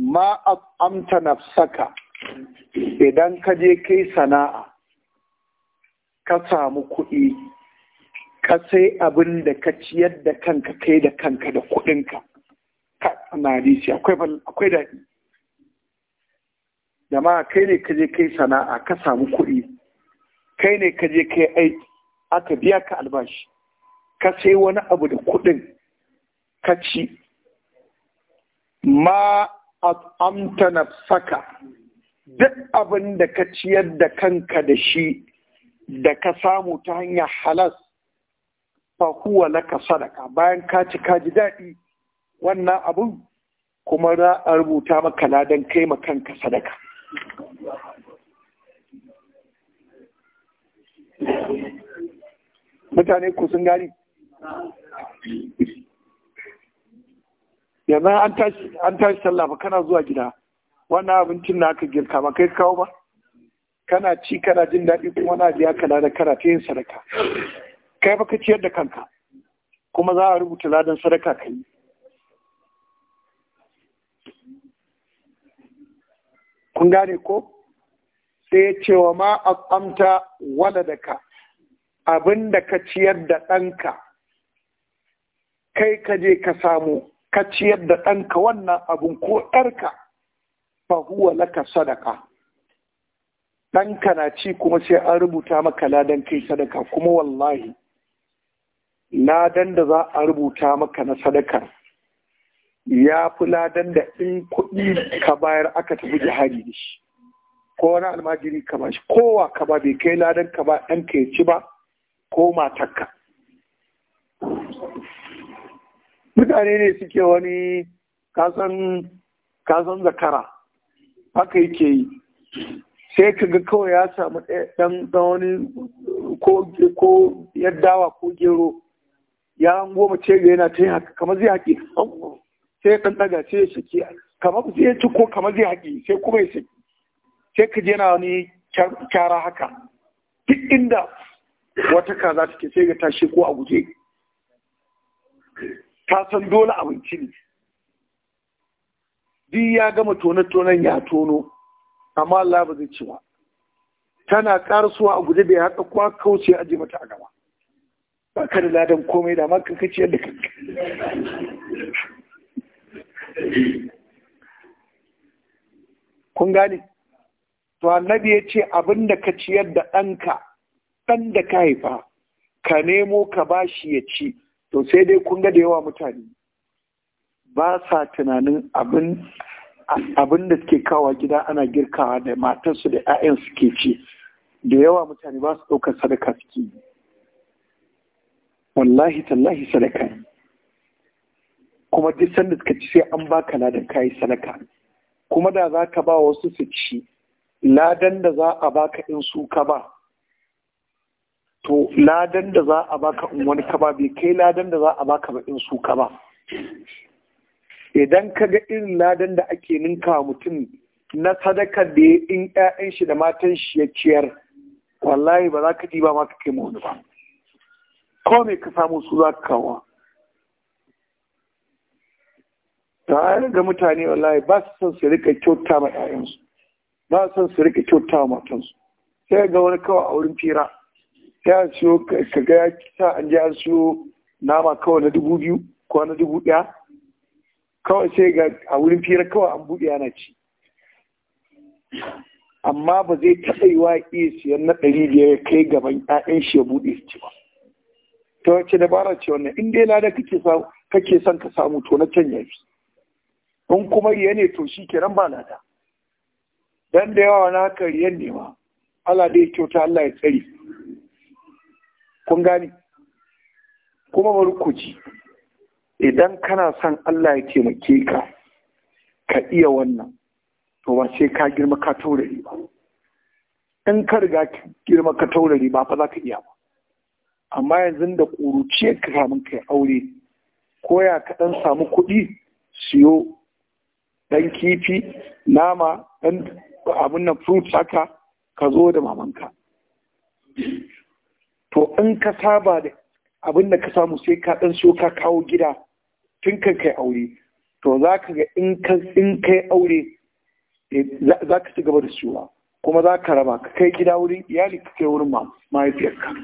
ma amta nafsaka idan ka je kai sana'a ka samu kuɗi ka sai abin da ka ciyar da kanka kai da kanka da kuɗinka ka na hadisi akwai daɗi jama'a kai ne ka je kai sana'a ka samu kuɗi kai ne ka je kai aiki aka biya ka albashi ka sai wani abu da kuɗin ka ci ma na nafsaka duk abin da ka ciyar da kanka da shi da ka samu ta hanyar halas fahuwa na ka sadaka bayan ka ci ka ji daɗi wannan abin kuma za a rubuta maka ladan kai ma kanka sadaka mutane ku sun gani yanzu an tashi an tashi sallah ba kana zuwa gida wannan abincin na aka girka ba kai kawo ba kana ci kana jin daɗi kuma na biya kana da kana ta yin sadaka kai ba ka ciyar da kanka kuma za a rubuta ladan sadaka ka yi kun gane ko sai ya ce wa ma amta waladaka abin da ka ciyar da ɗanka kai ka je ka samu ka ciyar da ɗanka wannan abun ko ɗarka fa huwa laka sadaka ɗanka na ci kuma sai an rubuta maka ladan kai sadaka kuma wallahi ladan da za a rubuta maka na sadakar ya fi ladan da in kuɗi ka bayar aka tafi jihari da shi ko wani almajiri ka ba shi kowa ka ba bai kai ladan ka ba ɗanka ya ci ba ko matarka mutane ne suke wani kasan zakara haka yake yi sai ka ga kawai ya samu ɗan wani ko yaddawa ko gero ya goma ce ga yana ta yi haka kamar zai haƙi sai ɗan ɗaga sai ya shaƙi. kamar zai ci ko kamar zai haƙi sai kuma ya shaƙi. sai ka je wani kyara haka duk inda wata kaza take sai ga tashi ko a guje Ka san dole abinci ne duk ya gama tone ya tono amma Allah ba zai ci ba tana karasuwa a guje da ya haɗa kwa kauce aji mata a gaba ba ka da ladan komai da maka kaci yadda kanka kun gane to annabi ya ce abin da ka ciyar da ɗanka ɗan da ka haifa ka nemo ka bashi ya ci to sai dai kun ga da yawa mutane ba sa tunanin abin abin da suke kawo gida ana girkawa da matarsu da 'ya'yan suke ci da yawa mutane ba su ɗaukar sadaka suke wallahi tallahi sadaka kuma duk sanda suka ci sai an baka ladan kayi sadaka kuma da za ka ba wasu su ci ladan da za a baka in su ka ba to ladan da za a baka in wani kaba bai kai ladan da za a baka ba in su kaba idan ka ga irin ladan da ake ninka mutum na sadakar da ya in 'ya'yan shi da matan shi ya ciyar wallahi ba za ka ji ba ma ka kai wani ba ko me ka samu su za ka kawo ta ga mutane wallahi ba su son su rika kyauta ma ɗayansu, ba su son su rika kyauta ma matansu sai ga wani kawai a wurin fira sai a siyo ka ga ya sa an ji an siyo nama kawai na dubu biyu ko na dubu ɗaya kawai sai ga a wurin fira kawai an buɗe ana ci amma ba zai taɓa yi wa iya siyan na ɗari biyar ya kai gaban ƴaƴan shi ya buɗe su ci ba ta wace dabara ce wannan in dai lada kake samu kake son ka samu to na can yafi in kuma riya ne to shi kenan ba lada dan da yawa na haka riyan ne ma Allah dai kyauta Allah ya tsare kun gani kuma marukuci idan kana son Allah ya taimake ka ka iya wannan to ba sai ka girma ka taurari ba in ka riga girma ka taurari ba fa za ka iya ba amma yanzu da ƙuruciyar ka samu kai aure ko ya ka ɗan samu kuɗi siyo ɗan kifi nama ɗan abin nan fruit haka ka zo da mamanka to in ka saba da abin da ka samu sai ka ɗan so ka kawo gida tun kan kai aure to za ka ga in kai aure eh, za ka ci gaba da suwa kuma za ka raba ka kai gida wurin iyali ka kai wurin mahaifiyarka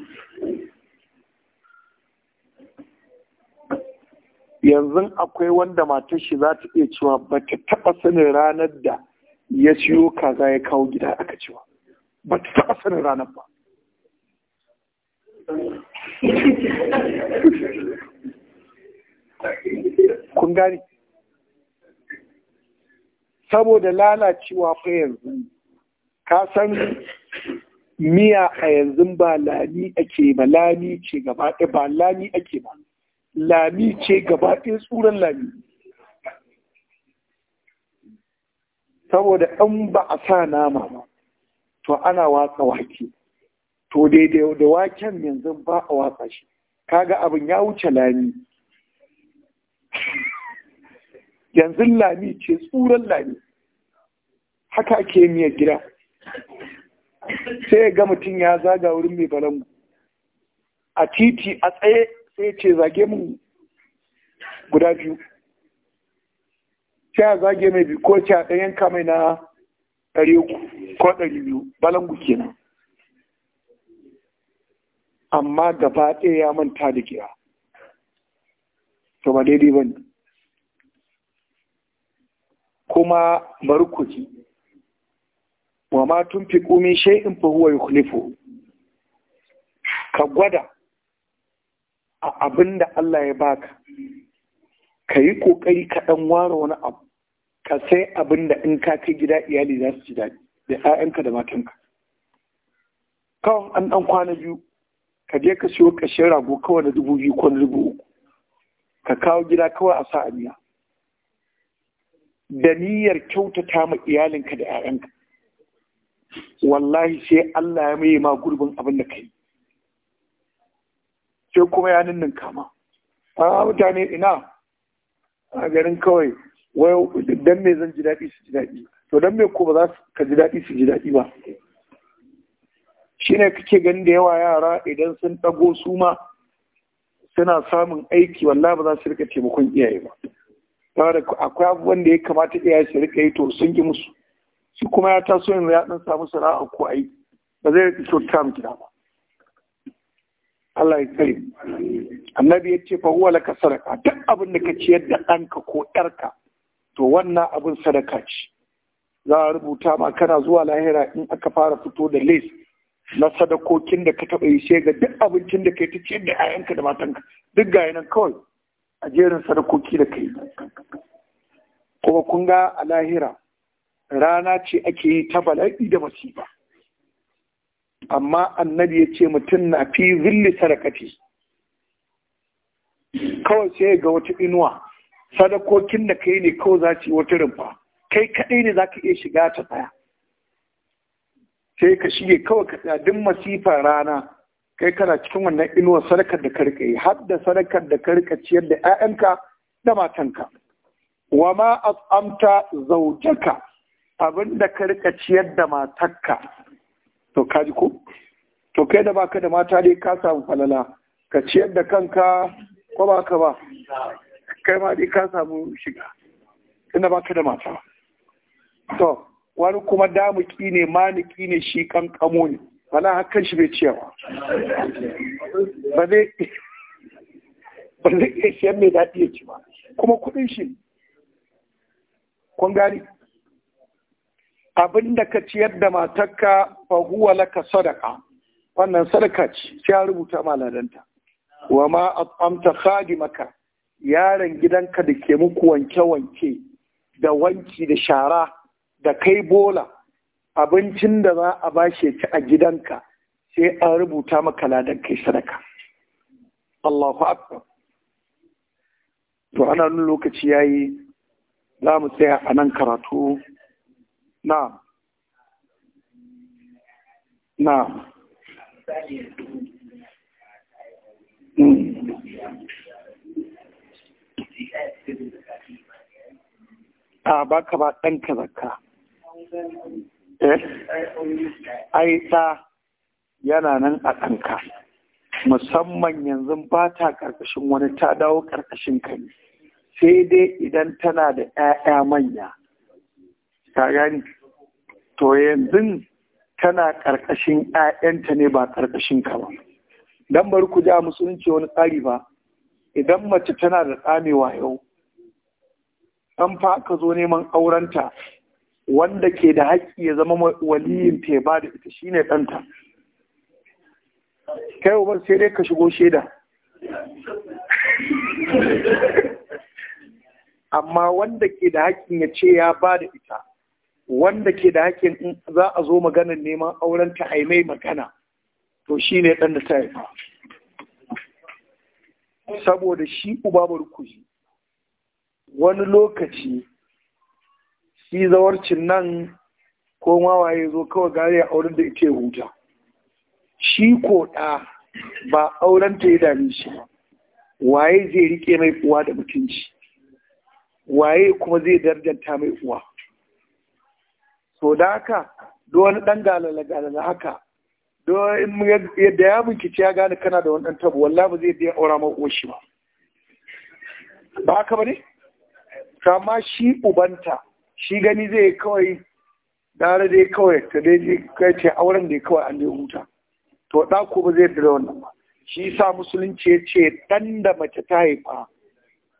yanzu akwai wanda matar shi za ta iya cewa ba ta taɓa sanin ranar da ya siyo kaza ya kawo gida aka cewa ba ta taɓa sanin ranar ba kun gani saboda lalacewa fa yanzu ka san miya a yanzu ba lami ake ba lami ce gaba ɗaya ba lami ake ba lami ce gaba ɗaya tsuran lami saboda an ba a sa nama ba to ana watsa wake to daidai da waken yanzu ba a watsa shi kaga abin ya wuce lami yanzu lami ce tsuran lami haka ke miyar gida sai ya ga mutum ya zaga wurin mai balangu a titi a tsaye sai ce zage mu guda biyu sai a zage mai biyu ko ce a ɗayan kamai na ɗari uku ko ɗari biyu balangu kenan amma gaba ɗaya ya manta da kira to ba daidai ba kuma bari ku ji wa ma fi min shay'in fahuwa huwa yukhlifu ka gwada a abin da Allah ya baka ka yi ƙoƙari ka ɗan ware wani abu ka sai abin da in ka kai gida iyali za su ji daɗi da 'ya'yanka da matanka Kawan an ɗan kwana biyu ka je ka siyo ƙashin rago kawai na dubu biyu ko dubu uku ka kawo gida kawai a sa a da niyyar kyautata ma iyalinka da 'ya'yanka wallahi sai Allah ya mai ma gurbin abin da kai sai kuma ya nan kama a mutane ina a garin kawai Wai dan me zan ji daɗi su ji daɗi to dan me ko ba za ka ji daɗi su ji daɗi ba shine kake ganin da yawa yara idan sun ɗago su ma suna samun aiki wallahi ba za su rika taimakon iyaye ba saboda akwai abubuwan da ya kamata iyaye su rika yi to sun ki musu shi kuma ya taso yanzu ya ɗan samu sana'a ko ayi. ba zai rika kyauta mu ba Allah ya kare annabi ya ce fa huwa laka sadaka duk abin da ka ciyar da ɗanka ko ɗarka to wannan abin sadaka ce za a rubuta ma kana zuwa lahira in aka fara fito da lace na sadakokin da ka taɓa yi ga duk abincin da kai ta ciyar da 'ya'yanka da matanka duk ga nan kawai a jerin sadakoki da kai kuma kun ga a lahira rana ce ake yi ta bala'i da masifa amma annabi ya ce mutum na fi zilli sadakati kawai sai ga wata inuwa sadakokin da kai ne kawai za ci wata rumfa kai kaɗai ne za ka iya shiga ta tsaya sai ka shige kawai ka tsaya duk rana kai kana cikin wannan inuwar sadakar da karka yi har da sadakar da karka ciyar da 'ya'yanka da matanka wa ma amta zaujaka abin da karka ciyar da matarka to kaji ko to kai da baka da mata dai ka samu falala ka ciyar da kanka ko baka ba kai ma dai ka samu shiga tunda baka da mata to wani kuma damuki ne maniki ne shi kankamo ne wani hakan shi bai cewa ba zai ba zai iya siyan mai daɗi ya ci ba kuma kuɗin shi kun gani abin da ka ciyar da matarka fa huwa laka sadaka wannan sadaka ce sai ya rubuta maladanta wa ma at'amta khadimaka yaron gidanka da ke muku wanke-wanke da wanki da shara da kai bola abincin da za a bashi ci a gidanka sai an rubuta maka ladan kai sadaka Allahu akbar to ana nun lokaci ya yi, za mu tsaya a nan karatu na na hmm. a baka ba ɗanka zakka Eh? ai ɗa yana nan a ɗanka musamman yanzu ba ta ƙarƙashin wani ta dawo ƙarƙashin ka ne sai dai idan tana da 'ya'ya manya ka gani to yanzu tana ƙarƙashin 'ya'yanta ne ba ƙarƙashin ka ba dan bari ku ja musulunci wani tsari ba idan mace tana da tsamewa yau an fa ka zo neman aurenta wanda ke da haƙƙi ya zama waliyin mm. teba da ita shine ɗanta kai uban sai dai ka shigo shaida amma wanda ke da haƙƙin ya ce ya ba da ita wanda ke da haƙƙin za a zo maganar neman auren ta a mai magana to shine ɗan da ta haifa saboda shi uba barkuji wani lokaci shi zawarcin nan ko mawaye zo kawai gari a auren da ita huta shi ko ɗa ba auren ta ya darishi shi ba waye zai rike mai uwa da mutunci waye kuma zai darjanta mai uwa so da haka don wani ɗan galala galala haka don yadda ya bincike ya gane kana da wani ɗan wallahi ba zai da aura ma uwa shi ba ba haka ba ne kama shi ubanta shi gani zai kawai dare dai kawai ta dai kai ce auren da ya kawai an dai huta to da ko ba zai da wannan ba shi sa musulunci ya ce ɗan da mace ta haifa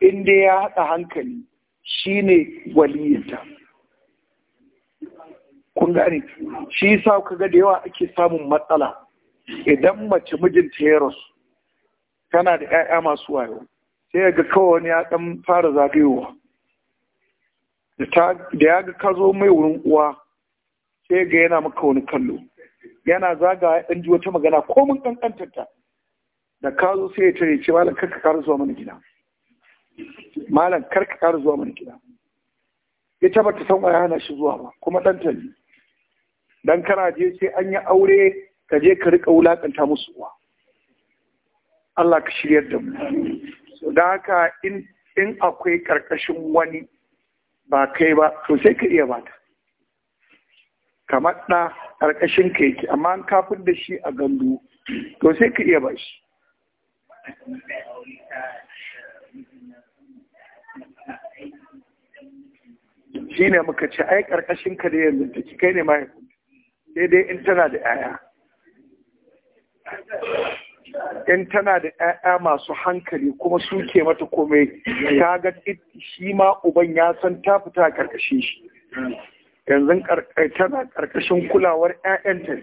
in dai ya haɗa hankali shine waliyinta kun gane shi sa ka ga da yawa ake samun matsala idan mace mijinta ya rasu tana da 'ya'ya masu wayo sai ga kawai wani ya ɗan fara zagayowa da ya ga ka zo mai wurin uwa sai ga yana maka wani kallo yana zaga ɗan ji wata magana ko mun kankantarta da ka zo sai ya tare ce malam ka ƙara zuwa mana gida malam ka ƙara zuwa mana gida ita ba ta san waya hana shi zuwa ba kuma ɗan ta ne dan kana je sai an yi aure ka je ka riƙa wulaƙanta musu uwa Allah ka shiryar da mu da haka in akwai ƙarƙashin wani ba kai ba to sai ka iya bata kamar ɗa ƙarƙashin ka yake amma an kafin da shi a gandu to sai ka iya bashi shi ne muka ce ai ƙarƙashin ka da yanzu ta kai ne mahaifinta sai dai in tana da 'ya'ya in tana da 'ya'ya masu hankali kuma suke mata komai ta ga shi ma uban ya san ta fita a karkashin shi yanzu tana karkashin kulawar 'ya'yanta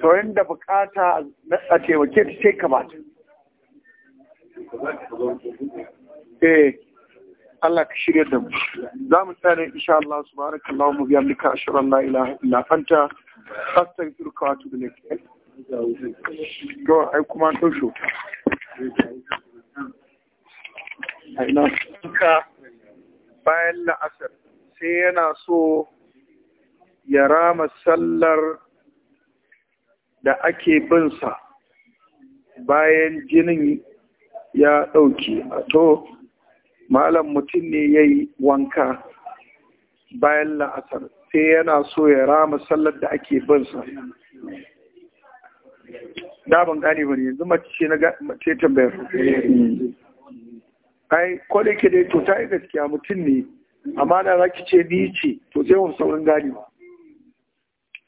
to yadda bukata a taimake ta sai kamata eh Allah ka shirya da mu za mu tsare insha Allah subhanakallahu wa bihamdika ashhadu an la ilaha illa anta astaghfiruka wa atubu ilayk to ai kuma suka bayan la'asar sai yana so ya rama sallar da ake binsa bayan jinin ya ɗauke a to malam mutum ne ya yi wanka bayan la'asar sai yana so ya rama sallar da ake binsa da ban gane ba ne yanzu mace ce na ce tambayar ai ko da ke dai to ta yi gaskiya mutum ne amma na za ki ce ni ce to sai wani saurin gane ba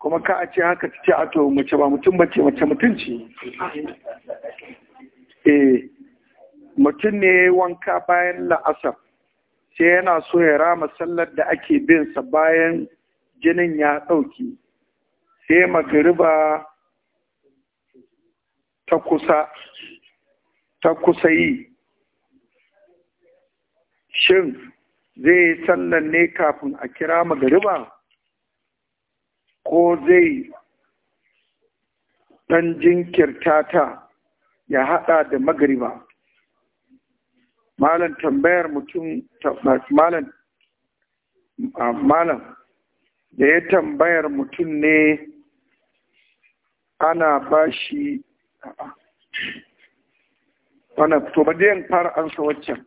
kuma ka a ce haka ta ce a to mace ba mutum ba ce mace mutum ce eh mutum ne wanka bayan la'asar sai yana so ya rama sallar da ake bin sa bayan jinin ya ɗauki sai magariba ta kusa ta kusa yi shin zai yi sallan ne kafin a kira magariba ko zai ɗan jinkirta ta ya haɗa da magariba malam tambayar mutum malam malam da ya tambayar mutum ne ana ba shi wannan to ba dai fara ansa waccan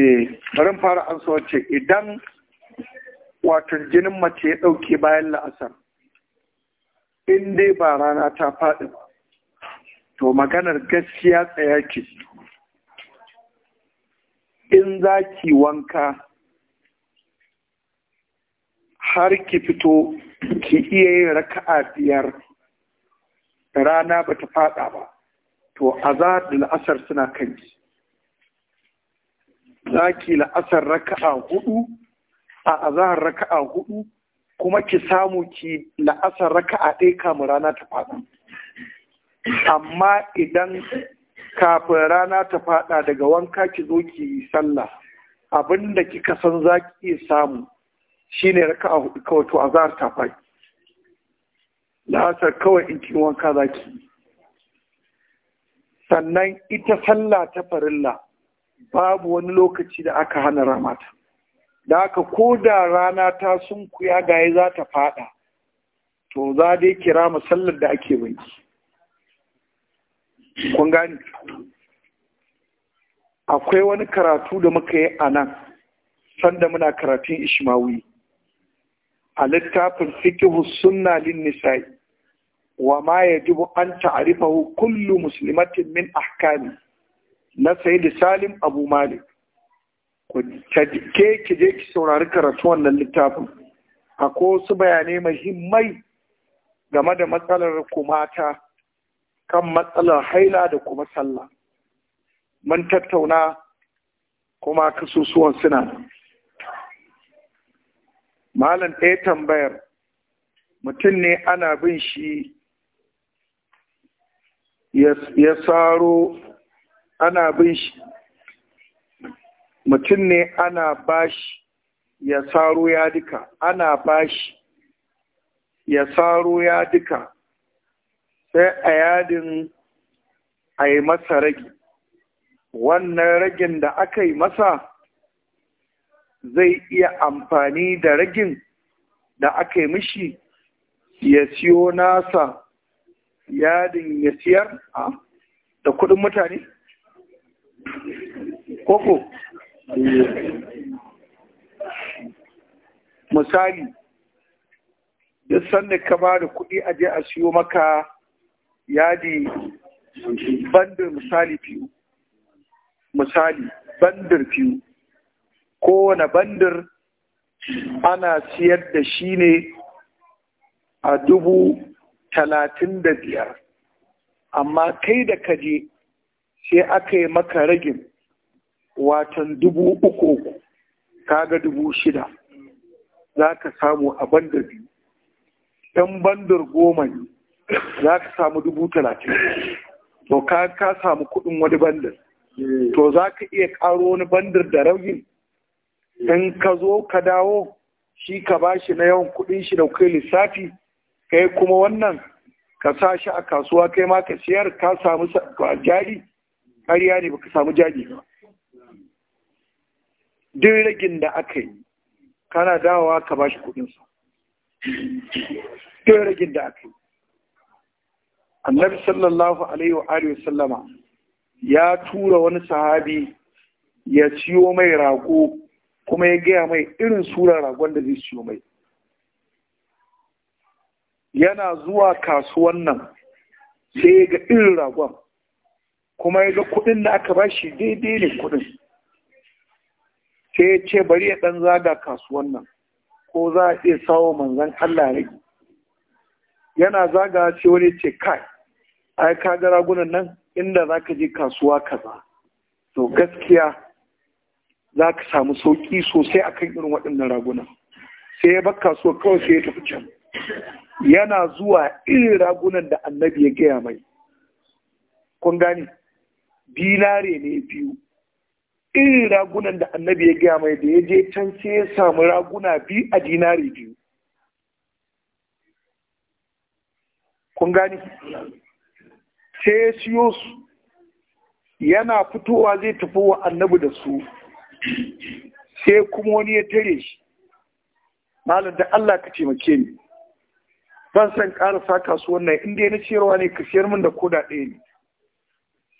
eh bari fara ansa wacce idan wato jinin mace ya dauke bayan la'asar in dai ba rana ta faɗi ba to maganar gaskiya tsaya ki in za ki wanka har ki fito ki iya yin raka'a biyar rana ba ta fada ba to azar da la'asar suna kanki zaki la'asar raka'a hudu a azahar raka'a hudu kuma ki samu ki la'asar raka'a ɗaya kamun rana ta fada amma idan kafin rana ta fada daga wanka ki zo ki sallah abinda kika san zaki iya samu shine raka'a hudu kawai to azar ta fadi la'asar kawai in kin wanka za ki sannan ita sallah ta farilla babu wani lokaci da aka hana ramata da aka ko da rana ta sunkuya gaye za ta fada to za dai kira musallar da ake wanki kun gani akwai wani karatu da muka yi a nan sanda muna karatun ishmawi a littafin fikihu sunna lin nisa'i wa ma yajibu an ta'rifahu kullu muslimatin min ahkami na sayyid salim abu malik ke ki je ki saurari karatu wannan littafin akwai wasu bayanai muhimmai game da matsalar kumata kan matsalar haila da kuma sallah mun tattauna kuma kasusuwan suna malam ɗaya tambayar mutum ne ana bin shi ya saro ana bin shi mutum ne ana bashi ya saro ya duka ana bashi ya saro ya duka sai a yadin a yi masa ragi wannan ragin da aka yi masa zai iya amfani da ragin da aka yi mishi ya siyo nasa yadin ya siyar da kuɗin mutane koko misali duk sanda ka ba da kuɗi a je a siyo maka yadi bandar misali fiye misali bandar fiye kowane bandar ana siyar da shi ne a dubu talatin da biyar amma kai da kaje sai aka yi maka ragin watan dubu uku kaga dubu shida za ka samu a bandar biyu ɗan bandar goma ne za ka samu dubu talatin to ka ka samu kuɗin wani bandar to za ka iya ƙaro wani bandar da ragin in ka zo ka dawo shi ka bashi na yawan kuɗin shi da kai lissafi kai kuma wannan ka sa shi a kasuwa kai ma ka siyar ka samu jari ƙarya ne baka samu jari ba duk ragin da aka yi kana dawowa ka bashi kuɗinsa duk ragin da aka yi annabi sallallahu alaihi wa alihi sallama ya tura wani sahabi ya ciwo mai rago kuma ya gaya mai irin surar ragon da zai ciwo mai yana zuwa kasuwan nan sai ga irin ragon kuma ya ga kuɗin da aka bashi daidai ne kuɗin sai ya ce bari ya ɗan zaga kasuwan nan ko za a iya sawo manzan Allah rage yana zaga sai wani ce kai ai ka ga ragunan nan inda za ka je kasuwa kaza to gaskiya za ka samu sauƙi sosai akan irin waɗannan raguna sai ya bar kasuwa kawai sai ya tafi can yana zuwa irin ragunan da annabi ya gaya mai kun gani dinare ne biyu irin ragunan da annabi ya gaya mai da ya je can sai ya samu raguna biyu a dinare biyu kun gani sai ya siyo su yana fitowa zai tafi wa annabi da su sai kuma wani ya tare shi malam da Allah ka taimake ni ban san karasa kasuwan nan inda ya na ciyarwa ne ka siyar min da koda ɗaya ne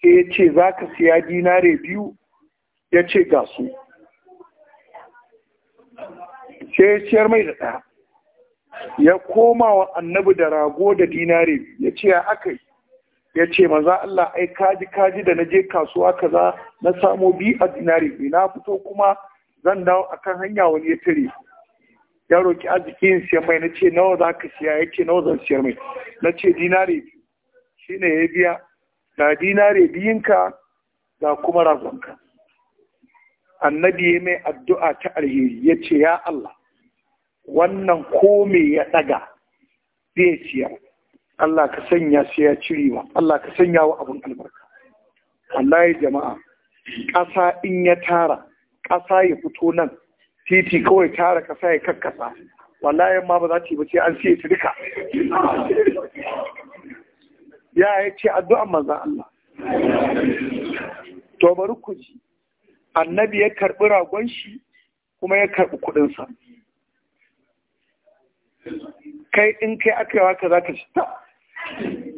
sai ya ce za ka siya dinare biyu ya ce ga su sai ya ciyar mai da ɗaya ya koma wa annabi da rago da dinare ya ce ya aka yi ya ce maza Allah ai kaji kaji da na je kasuwa kaza na samo biyu a dinare biyu na fito kuma zan dawo akan hanya wani ya tare ya roki arziki in siya mai na ce nawa za ka siya ya ce nawa zan siyar mai na ce dinare shi ne ya biya ga dinare biyinka ga kuma ragonka annabi ya mai addu'a ta alheri ya ce ya Allah wannan ko ya daga zai siyar Allah ka sanya sai ya ciri ba Allah ka sanya wa abin albarka wallahi jama'a ƙasa in ya tara ƙasa ya fito nan titi kawai tara kasa ya kakkasa wallahi ma ba za ta yi ba an siye ta duka ya ya ce addu'an maza Allah to bari ku ji annabi ya karbi ragon shi kuma ya karɓi kuɗinsa kai in kai aka yawa ka za ka shi ta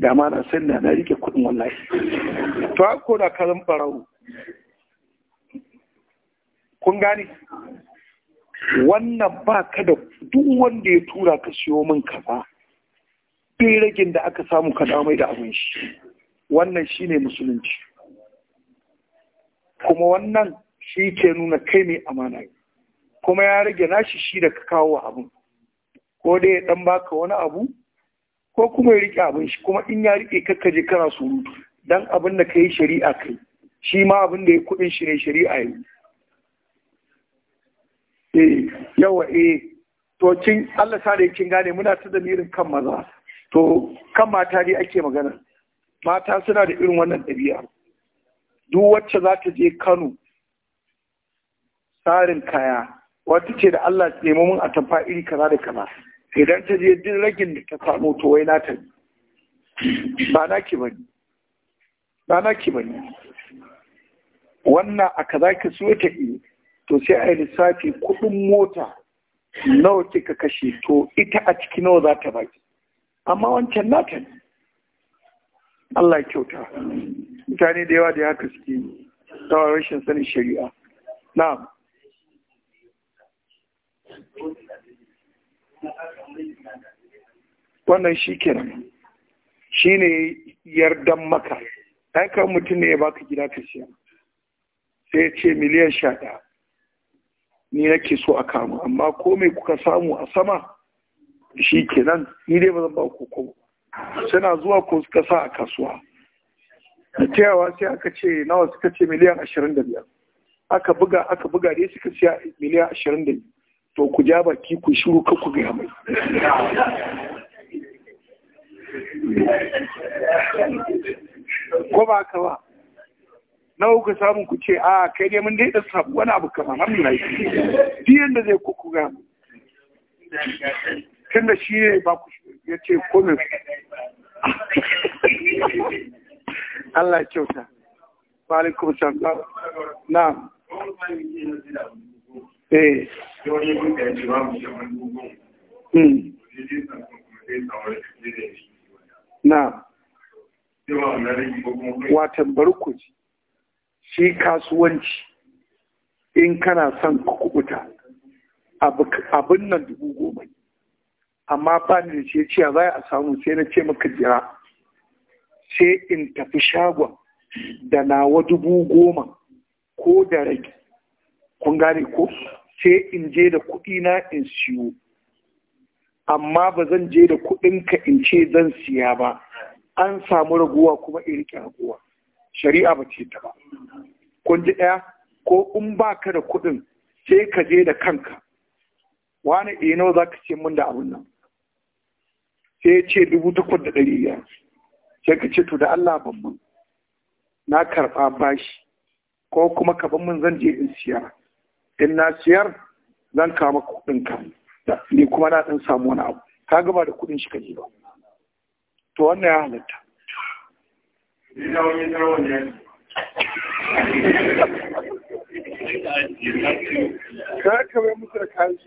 da ma na san da na rike kuɗin wallahi to haka ko da ɓarawo kun gane wannan ba ka da duk wanda ya tura ka siyo min kaza bai ragin da aka samu ka damai da abin shi wannan ne musulunci kuma wannan shi ke nuna kai mai amana kuma ya rage nashi shi da ka kawo abin ko dai ya dan baka wani abu ko kuma ya rike abin shi kuma in ya rike kakka je kana surutu dan abin da ka yi shari'a kai shi ma abin da ya kudin shi ne shari'a yi eh yawa eh to cin Allah sare kin gane muna ta mirin kan maza to kan mata dai ake magana mata suna da irin wannan ɗabi'a duk wacce za ta je Kano tsarin kaya wata ce da Allah nemi mun a tafa iri kaza da kaza idan ta je din ragin da ta samu to wai nata ba ki bane ba na ki bane wannan a kaza ki so ta yi to sai a yi lissafi kuɗin mota nawa kika kashe to ita a ciki nawa za ta baki amma wancan nata ne Allah kyauta mutane da yawa da ya suke ta rashin sanin shari'a na'am wannan shi kenan shi ne yardan maka ɗan kan mutum ne ya baka gida ka siya sai ya ce miliyan sha ɗaya ni nake so a kama amma ko mai kuka samu a sama shi kenan ni dai ba zan ba ku ko suna zuwa ko suka sa a kasuwa da tayawa sai aka ce nawa suka ce miliyan ashirin da biyar aka buga aka buga dai suka siya miliyan ashirin da biyu to ku ja baki ku shiru ka ku gaya mai ko ba ka ba na uku samun ku ce a kai ne mun dai da sabu wani abu kama hannu na yi Biyan da zai kuku ga tun da shi ne ba ku ya ce komin Allah kyauta wa alaikum salam na eh hmm. na watan barkuci shi kasuwanci in kana son kukuta abin nan dubu goma amma ba ni da ce ciya za a samu sai na ce maka jira sai in tafi shagon da nawa dubu goma ko da rage kun gane ko sai in je da kuɗi na in siyo amma ba zan je da kuɗinka in ce zan siya ba an samu raguwa kuma in riƙe raguwa shari'a ba ce ta ba kun ji ɗaya ko in baka da kuɗin sai ka je da kanka wani ino eh, za ka ce mun da abun nan sai ya ce dubu takwas da ɗari biyar sai ka ce to da Allah ban mun na karɓa bashi ko kuma ka ban mun zan je in siyar in na siyar zan kama ka. ni kuma na ɗan samu wani abu ka gaba da kuɗin shi ka je ba to wannan ya halatta Ka kamar musu da kayan shi.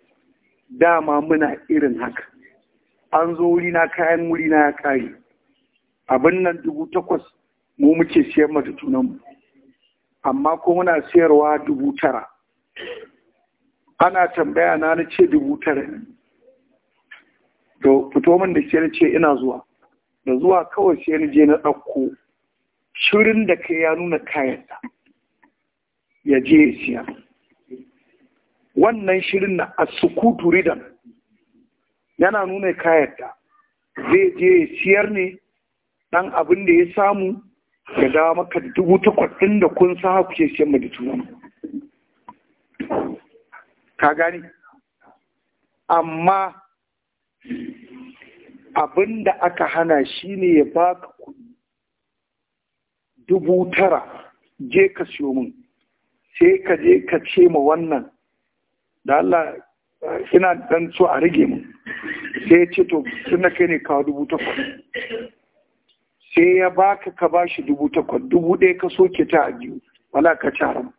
dama muna irin haka an zo wuri na kayan wuri na ya kare abin nan dubu takwas mu muke siyar mata tunanmu amma ko muna siyarwa dubu tara ana tambaya na na ce dubu tara ne to fito min da siyar ce ina zuwa da zuwa kawai sai na je na ɗauko shirin da kai ya nuna ta. ya je ya siya wannan shirin na sukutu ridan yana nuna kayata zai je ya siyar ne ɗan abin da ya samu ya dawo maka dubu takwas ɗin da kun sa kuke siyan da tunan ka gani amma abin da aka hana shi ne ya baka kuɗi dubu tara je ka siyo min sai ka je ka ce ma wannan da Allah ina dan so a rage mu sai ya ce to tun kai ne kawo dubu takwas sai ya baka ka ba shi dubu takwas dubu ɗaya ka soke ta a biyu wala ka ci haram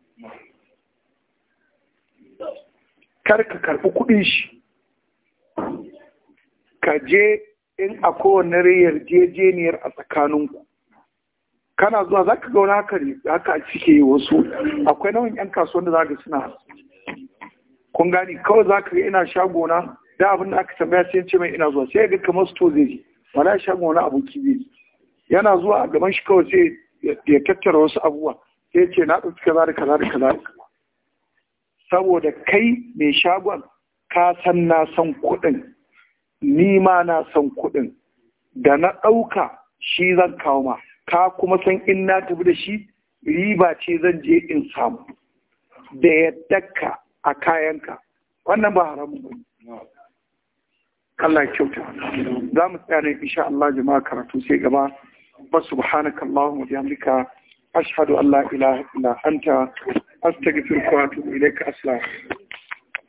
kar ka karɓi kuɗin shi ka je in a kowane jejeniyar a tsakaninku kana zuwa za ka ga wani haka ne haka suke yi wasu akwai nauyin 'yan kasuwan da za ga suna kun gani kawai za ka ga ina shagona da abin da aka tambaya sai ce mai ina zuwa sai ga kamar su zai yi wala shagona aboki zai ji yana zuwa a gaban shi kawai sai ya tattara wasu abubuwa sai ce na ɗauki kaza da kaza da kaza saboda kai mai shagon ka san na san kuɗin ni ma na san kuɗin da na ɗauka shi zan kawo ma ka kuma san in na tafi da shi riba ce zan je in samu da yadda ka a kayanka wannan ba haramun ba Allah ya kyauta za mu tsaya ne insha Allah jama'a karatu sai gaba wa subhanaka Allahumma bihamdika ashhadu an la ilaha illa anta astaghfiruka wa atubu ilaika assalamu